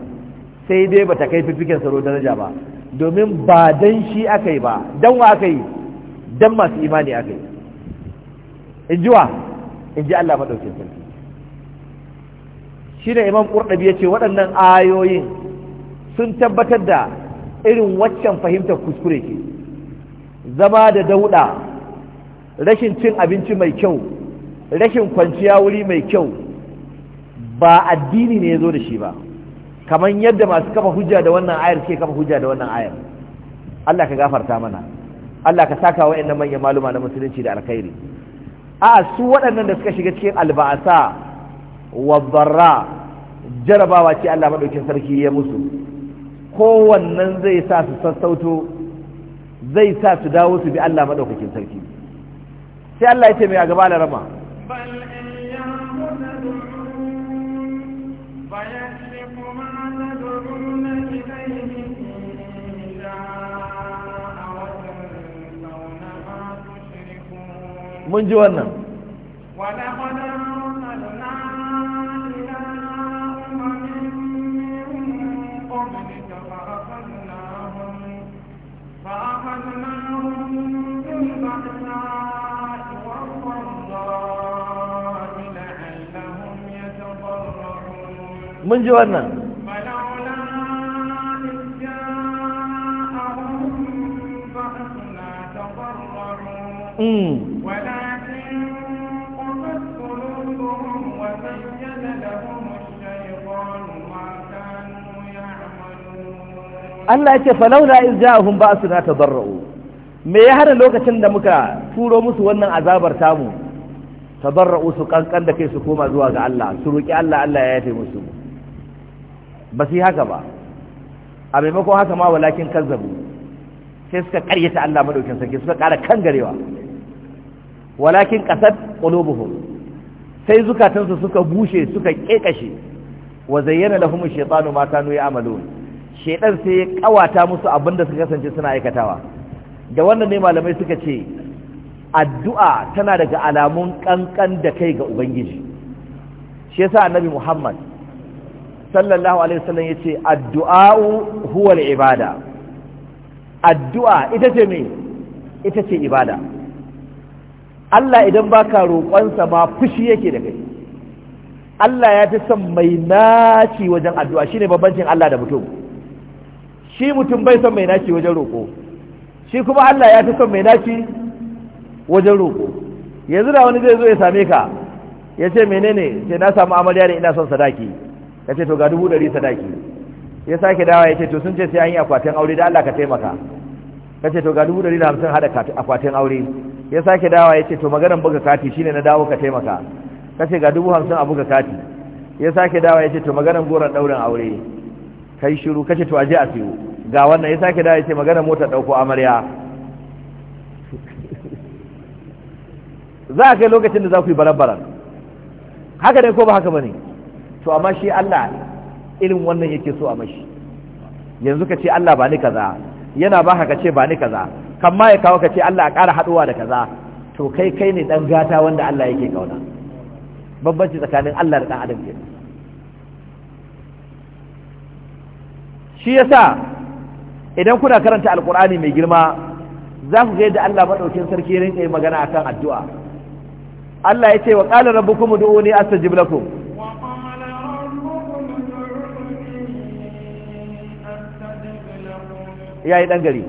sai dai ba ta kai fifikin saro daraja ba domin ba dan shi aka yi ba dan wa aka yi dan masu imani aka yi in ji wa in ji Allah maɗaukin sarki shi da imam ƙurɗabi ya ce waɗannan ayoyin sun tabbatar da irin waccan fahimtar kuskure ke zama da dauɗa rashin cin abinci mai kyau rashin kwanciya wuri mai kyau ba addini ne ya zo da shi ba kamar yadda masu kafa hujja da wannan ayar suke kafa hujja da wannan ayar Allah ka gafarta mana Allah ka saka wa'annan manyan maluma na musulunci da alkhairi a su waɗannan da suka shiga cikin alba'asa wa barra jarabawa ce Allah madaukin sarki ya musu kowannan zai sa su sassauto zai sa su dawo su bi Allah madaukakin sarki sai Allah ya ce mai a gaba ويسلك ما تدعون إليه إن شاء وتنسون ما تشركون من جوانا ولقد mun ji wannan hmm. allah ya ce وزين in الشيطان ما كانوا me ya hana lokacin da muka turo musu wannan azabar tamu tabarra'u su kankan da kai su koma zuwa ga Allah su roki Allah Allah ya yafe musu ba su yi haka ba a maimakon haka ma walakin kazzabu sai suka karyata Allah madaukin sarki suka kara garewa. walakin qasad qulubuhum sai zukatansu suka bushe suka kekashe wa zayyana lahum ash-shaytanu ma kanu ya'malun shaytan sai ya kawata musu abinda suka kasance suna aikatawa da wannan ne malamai suka ce addu'a tana daga alamun kankan da kai ga ubangiji shi yasa annabi Muhammad sallallahu alaihi wasallam yace addu'a'u huwa al-ibada addu'a ita ce me ita ce ibada Allah idan baka roƙonsa ma fushi yake da kai Allah ya fi son mai naci wajen addu'a shine babbancin Allah da mutum shi mutum bai son mai naci wajen roƙo shi kuma Allah ya fi son mai naci wajen roƙo yanzu da wani zai zo ya same ka ya ce menene sai na samu amarya da ina son sadaki ya ce to ga dubu ɗari sadaki ya sake dawa ya ce to sun ce sai an yi akwatin aure da Allah ka taimaka ya ce to ga dubu ɗari da hamsin haɗa akwatin aure ya sake dawa ya ce to maganan buga kati shine na dawo ka taimaka ka ce ga dubu hamsin a buga kati ya sake dawa ya ce to maganan goron ɗaurin aure kai shiru ka ce to aje a siyo ga wannan ya sake dawa ya ce maganan motar ɗauko amarya za a kai lokacin da za ku yi baran-baran haka ne ko ba haka ba ne to amma shi Allah irin wannan yake so a mashi yanzu ka ce Allah ba ni kaza yana ba ka ce ba ni kaza kamma ya kawo ka ce Allah ƙara haɗuwa da kaza to kai kai ne ɗan gata wanda Allah yake kauna bambanci tsakanin Allah da ɗan adam ke shi yasa idan kuna karanta alkur'ani mai girma za ku ga yadda Allah maɗaukin sarki rinka yi magana akan addu'a Allah ya ce wa qala rabbukum ud'uni astajib lakum ya yi ɗangare.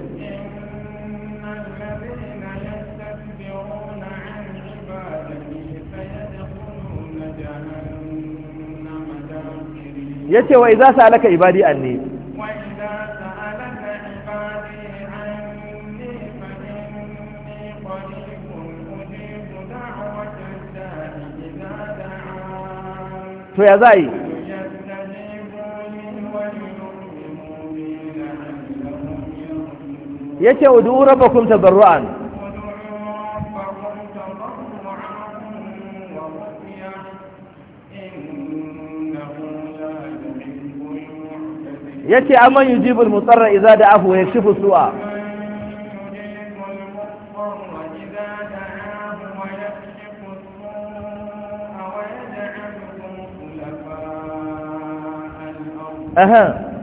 ya ce wa su sa'alaka ibadi ne. to ya za yi yace ud'u rabbakum tadarruan yace amman yujibu al-mutarra idza da'ahu wa yakshifu su'a أها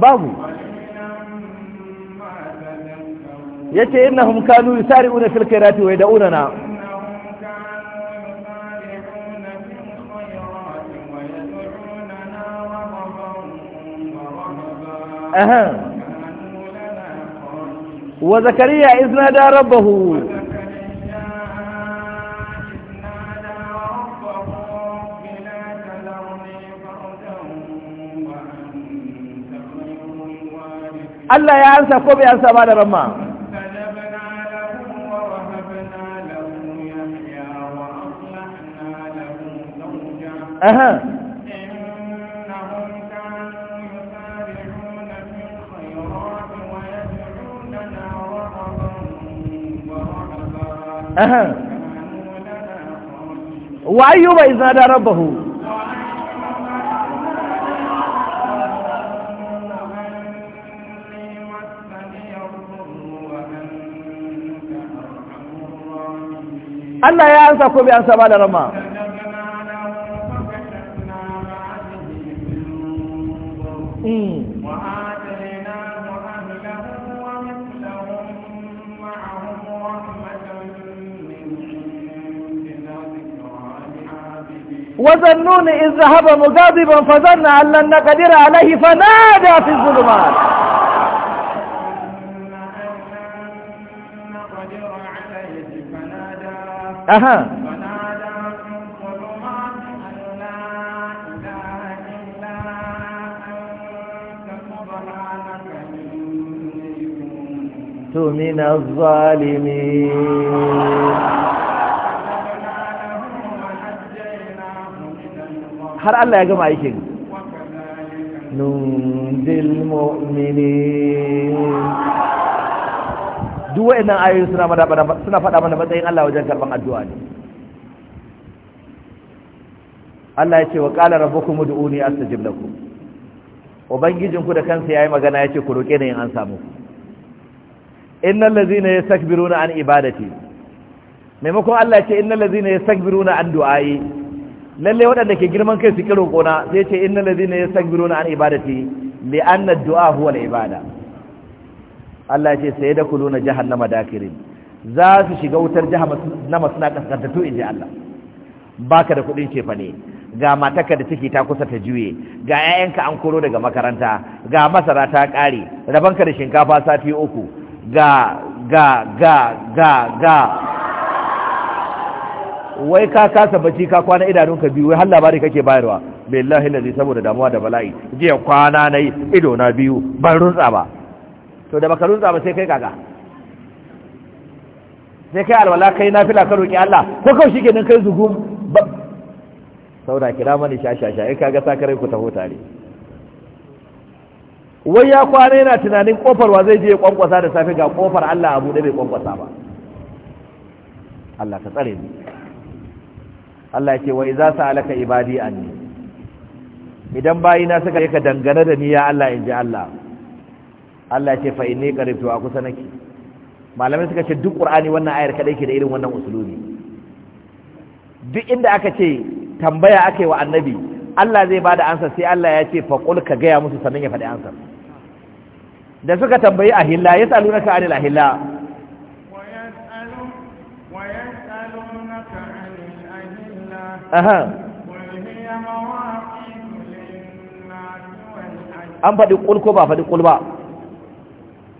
babu yace innahum kanu yusari'una fil khairati wa yad'unana wa zakariya إذ da ربه Allah ya ansa ko bai ansa ba da ramma أها إنهم كانوا يسارعون في الخيرات أها وأيوب إذا ربه Allah ya ansa ko bai ansa ba da rama وظنون إذ ذهب مغاضبا فظن أن لن نقدر عليه فنادى في الظلمات aha من الظالمين har Allah ya gama aikin nunzil mu'minin duk wayannan ayoyi suna suna faɗa mana matsayin Allah wajen karban addu'a ne Allah ya ce wa qala rabbukum ud'uni astajib lakum ubangijinku da kansa yayi magana yace ku roke ni in an samu innal ladzina yastakbiruna an ibadati maimakon Allah ya ce innal ladzina yastakbiruna an du'ai lalle waɗanda ke girman kai su kiro kona sai ce innal ladzina yastakbiruna an ibadati li anna ad-du'a huwa al-ibada Allah ce sai da kuluna jahannama dakirin za su shiga wutar jahannama suna kaskantattu inji Allah baka da kudin cefane ne ga matarka da ciki ta kusa ta juye ga 'ya'yanka an koro daga makaranta ga masara ta kare rabanka da shinkafa sati uku ga ga ga ga ga wai ka kasa bacci ka kwana idanunka biyu wai har labari kake bayarwa billahi lazi saboda damuwa da bala'i jiya kwana nayi ido na biyu ban runtsa ba to da baka runtsa ba sai kai kaga sai kai alwala kai na fila ka roki Allah ko kawai shike nan kai zugum sauda kira mani sha in kaga sakarai ku taho tare wai ya kwana yana tunanin kofar wa zai je kwankwasa da safe ga kofar Allah abu da bai kwankwasa ba Allah ka tsare ni Allah ya ce wa idza sa'alaka ibadi anni idan bayina suka yi ka dangane da ni ya Allah in ji Allah Allah ce fa inni qaribtu a kusa nake malamai suka ce duk qur'ani wannan ayar kadai ke da irin wannan usulubi duk inda aka ce tambaya ake wa annabi Allah zai bada ansa sai Allah ya ce fa qul ka gaya musu sannan ya faɗi ansa da suka tambayi ahilla yasalunaka anil ahilla aha an faɗi ƙulko ko ba faɗi ƙul ba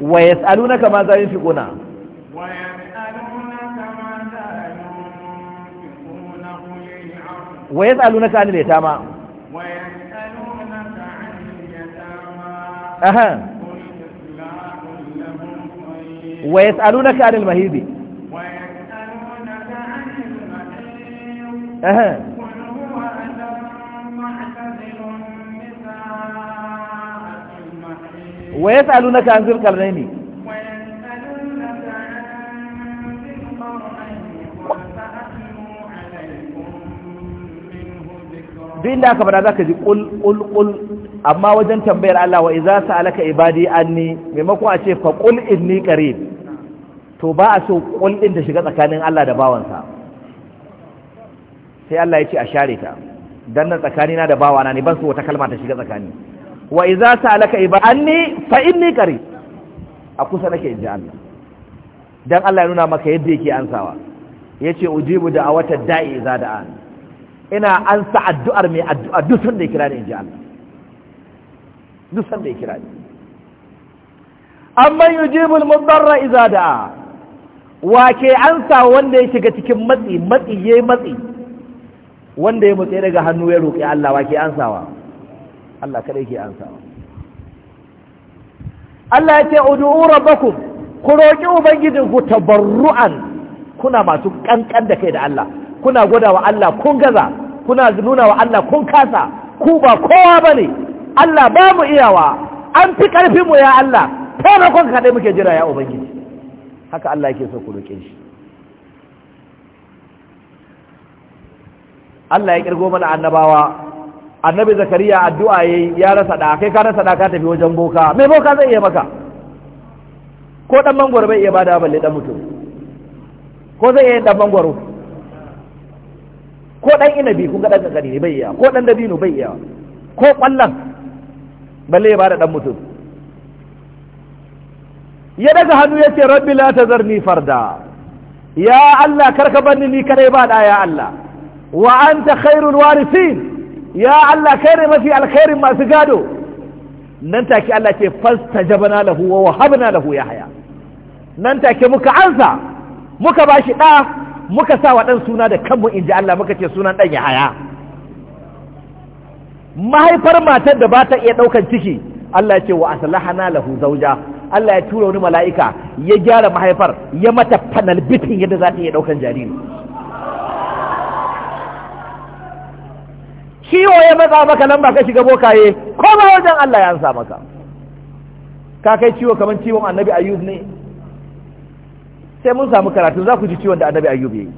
wa ya tsalu za yunfiquna wa yas'alunaka ma wa yas'alunaka anil yatama wa yas'alunaka anil yatama aha mahidi wa wa ya tsalu na kan zirkar ne ne duk inda aka bada za ka ji ƙulƙul amma wajen tambayar Allah wa iza alaka ibadi anni maimakon a ce fa qul inni qarib to ba a so qul din ta shiga tsakanin Allah da bawansa sai Allah ya ce a share ta dan nan tsakanina da bawana ne ban so wata kalma ta shiga tsakani wa idza salaka ibadni fa inni qarib a kusa nake inji Allah dan Allah ya nuna maka yadda yake ansawa yace ujibu da awata da'i idza da'an ina ansa addu'ar mai addu'a duk sanda ya kira ni inji Allah duk sanda ya kira ni amma al mudarra idza da'a wa ke ansa wanda ya shiga cikin matsi matsi yayi matsi wanda ya mutse daga hannu ya roƙi Allah wa ke ansawa Allah kada yake ansawa Allah ya ce ud'u rabbakum ku roki ubangijinku tabarru'an kuna masu kankan da kai da Allah kuna gwada wa Allah kun gaza kuna nuna wa Allah kun kasa ku ba kowa bane Allah ba mu iyawa an fi karfin mu ya Allah taimakon kaɗai muke jira ya ubangiji haka Allah yake so ku roƙe shi Allah ya kirgo mana annabawa annabi zakariya addu'a yayi ya rasa da kai ka rasa da ka tafi wajen boka me boka zai iya maka ko dan mangwaro bai iya bada balle dan mutum ko zai iya dan mangwaro ko dan inabi kun ga dan zakari ne bai iya ko dan dabino bai iya ko kwallon balle ya bada dan mutum ya daga hannu ya ce rabbi la tazarni farda ya Allah karka banni ni kare ba da ya Allah wa anta khairul warisin ya Allah kai ne mafi alkhairin masu gado nan take Allah ce fastajabna lahu wa wahabna lahu haya. nan take muka ansa muka bashi da muka sa wa dan suna da kanmu inji Allah muka ce sunan dan haya. mahaifar matar da ba ta iya daukan ciki Allah ce wa aslahana lahu zauja Allah ya tura wani mala'ika ya gyara mahaifar ya mata fanalbitin bitin yadda za ta iya daukan jariri ciwo ya matsa maka nan ba ka shiga bokaye ko ba wajen Allah ya ansa maka ka kai ciwo kamar ciwon annabi ayyub ne sai mun samu karatu za ku ji ciwon da annabi ayyub yayi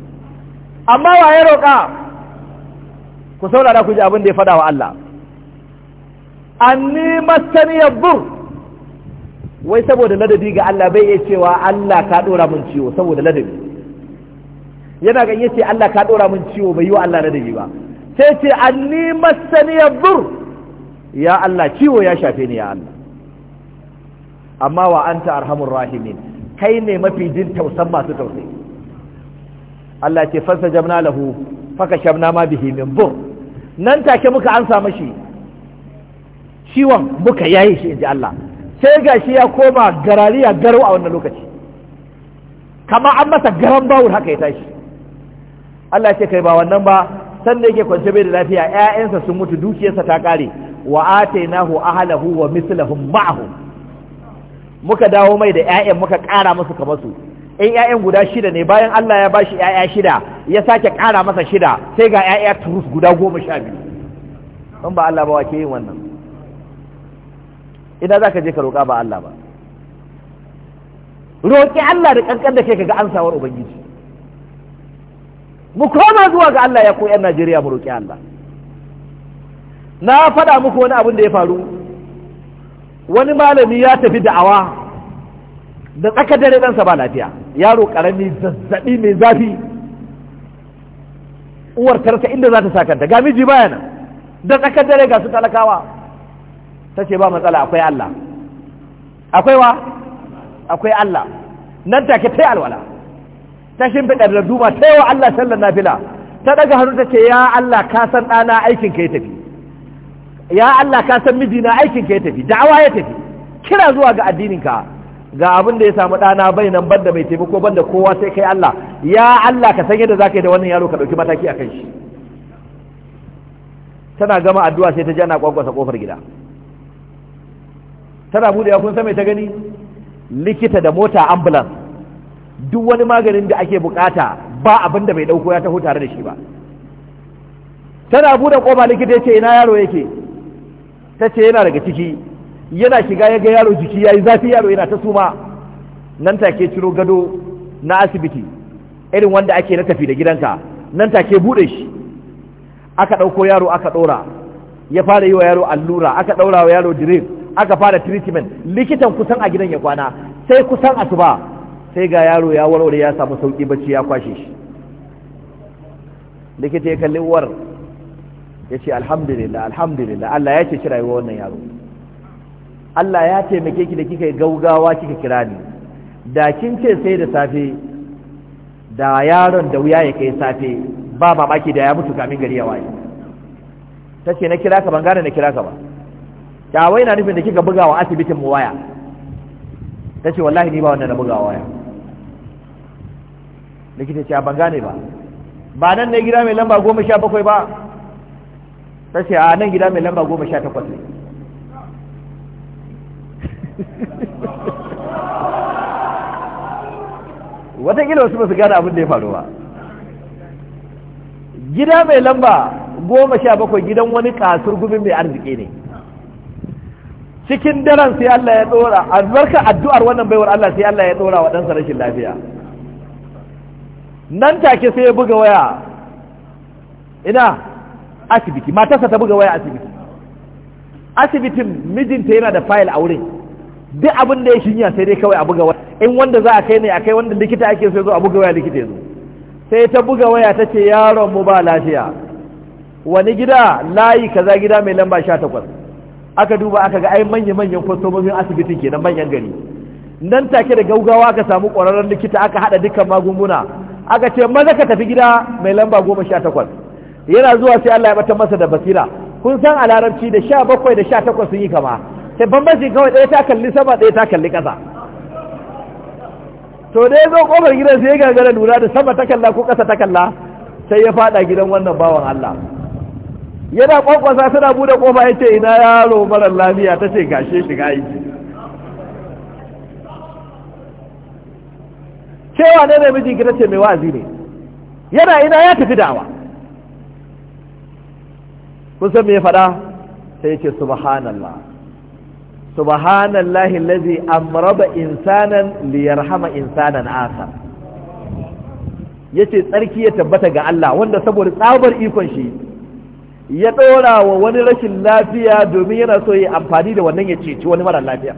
amma wa ya roƙa ku saurara ku ji abin da ya faɗa wa Allah anni masani yabur wai saboda ladabi ga Allah bai iya cewa Allah ka dora mun ciwo saboda ladabi yana ganye yace Allah ka dora mun ciwo bai yi wa Allah ladabi ba sai ce anni masaniyar bur. ya Allah ciwo ya shafe ni ya Allah amma wa an ta arhamun rahimin kai ne mafi jin tausan masu tausai Allah ce fasa jamna lahu faka shamna ma bihi bur nan take muka ansa mashi ciwon muka yayi shi inji Allah sai gashi ya koma garariya garau a wannan lokaci kama an masa garan bawur haka ya tashi Allah ce kai ba wannan ba sanda yake kwance bai da lafiya ƴaƴansa sun mutu dukiyarsa ta kare wa atainahu ahlahu wa mithluhum ma'ahu. muka dawo mai da ƴaƴan muka ƙara musu kamar su in ƴaƴan guda shida ne bayan Allah ya bashi ƴaƴa shida ya sake ƙara masa shida sai ga ƴaƴa turus guda goma sha biyu in ba Allah ba wa ke yin wannan idan za ka je ka roƙa ba Allah ba roƙi Allah da ƙanƙan da kai ka ga ansawar Ubangiji mu koma zuwa ga Allah ya koyar Najeriya mu roƙi Allah na faɗa muku wani abin da ya faru wani malami ya tafi da'awa da tsakar dare ɗansa ba lafiya yaro ƙarami zazzaɓi mai zafi uwar tarka inda za ta sa kanta ga miji baya nan da tsaka dare ga su talakawa ta ce ba matsala akwai Allah akwai wa akwai Allah nan take ta alwala ta shimfiɗa da duba ta yawa Allah sallar nafila ta daga hannu ta ce ya Allah ka san ɗana aikin ka ya tafi ya Allah ka san mijina aikin ka ya tafi da'awa ya tafi kira zuwa ga addinin ka ga abin da ya samu ɗana bai nan banda mai taimako banda kowa sai kai Allah ya Allah ka san yadda za ka yi da wannan yaro ka ɗauki mataki a kan shi tana gama addu'a sai ta ji ana kwankwasa kofar gida tana buɗe kun san mai ta gani likita da mota ambulance duk wani maganin da ake bukata ba abin da bai dauko ya taho tare da shi ba tana bude koba likita ya ina yaro yake ta ce yana daga ciki yana shiga ya ga yaro jiki ya yi zafi yaro yana ta suma nan take ciro gado na asibiti irin wanda ake na tafi da gidanka nan take bude shi aka dauko yaro aka ɗora ya fara yi wa yaro allura aka ɗaura wa yaro drip aka fara treatment likitan kusan a gidan ya kwana sai kusan asuba sai ga yaro ya warware ya samu sauki bacci ya kwashe shi likita ya kalli uwar ya ce alhamdulillah alhamdulillah Allah ya ce shi rayuwa wannan yaro Allah ya taimake ki da kika yi gaugawa kika kira ni da kin ce sai da safe da yaron da wuya ya kai safe ba mamaki da ya mutu kamin gari ya waye ta ce na kira ka ban gane na kira ka ba kyawai na nufin da kika buga wa asibitin mu waya ta ce wallahi ni ba wanda na buga waya likita ce a ban gane ba ba nan ne gida mai lamba goma sha bakwai ba ta ce a nan gida mai lamba goma sha takwas ne watakila wasu ba su gane abin da ya faru ba gida mai lamba goma sha bakwai gidan wani kasur gumin mai arziki ne cikin daren sai Allah ya dora albarka addu'ar wannan baiwar Allah sai Allah ya dora wa ɗansa rashin lafiya nan take sai ya buga waya ina asibiti matarsa ta buga waya asibiti asibitin mijinta yana da fayil a wurin duk abin da ya shinya sai dai kawai a buga waya in wanda za a kai ne a kai wanda likita ake so zo a buga waya likita zo sai ta buga waya ta ce yaron mu ba lafiya wani gida layi kaza gida mai lamba sha takwas aka duba aka ga ai manya-manyan kwastomomin asibitin kenan manyan gari nan take da gaugawa aka samu ƙwararren likita aka haɗa dukkan magunguna aka ce maza ka tafi gida mai lamba goma sha takwas yana zuwa sai Allah ya bata masa da basira kun san a larabci da sha bakwai da sha takwas sun yi kama sai bambanci kawai ɗaya ta kalli sama ɗaya ta kalli ƙasa to da ya zo ƙofar gidan sai ya gagara lura da sama ta kalla ko ƙasa ta kalla sai ya faɗa gidan wannan bawan Allah yana kwakwasa suna bude kofa yace ina yaro marar ta ce gashe shiga aiki cewa ne ne mijinki ce mai wa'azi ne yana ina ya tafi dawa kun san me ya faɗa sai ce subhanallah subhanallah allazi amrada insanan liyarhama insanan akhar yace tsarki ya tabbata ga Allah wanda saboda tsabar ikon shi ya ɗora wa wani rashin lafiya domin yana so ya amfani da wannan ya ceci wani mara lafiya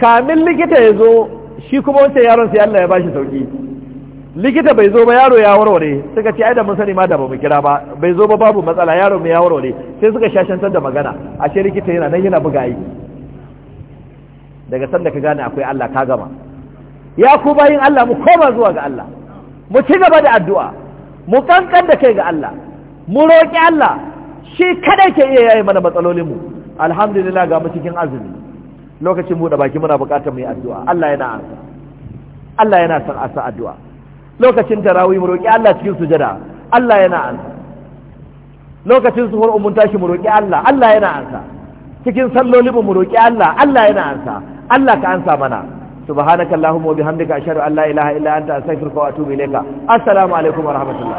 kamin likita ya zo shi kuma wancan yaron sai Allah ya ba shi sauki likita bai zo ba yaro ya warware suka ce ai da mun sani ma da ba mu kira ba bai zo ba babu matsala yaro mai ya warware sai suka shashantar da magana ashe likita yana nan yana buga aiki daga san da ka gane akwai Allah ka gama ya ku bayin Allah mu koma zuwa ga Allah mu ci gaba da addu'a mu kankan da kai ga Allah mu roƙi Allah shi kadai ke iya yayi mana matsalolinmu alhamdulillah ga mu cikin azumi lokacin da baki muna buƙatar mu yi addu'a Allah yana asa Allah yana san asa addu'a lokacin tarawih mu roƙi Allah cikin sujada Allah yana ansa lokacin suhur umun tashi mu roƙi Allah Allah yana ansa cikin sallolin mu roƙi Allah Allah yana ansa Allah ka ansa mana subhanakallahumma wa bihamdika ashhadu an la ilaha illa anta astaghfiruka wa atubu ilayka assalamu alaikum wa rahmatullah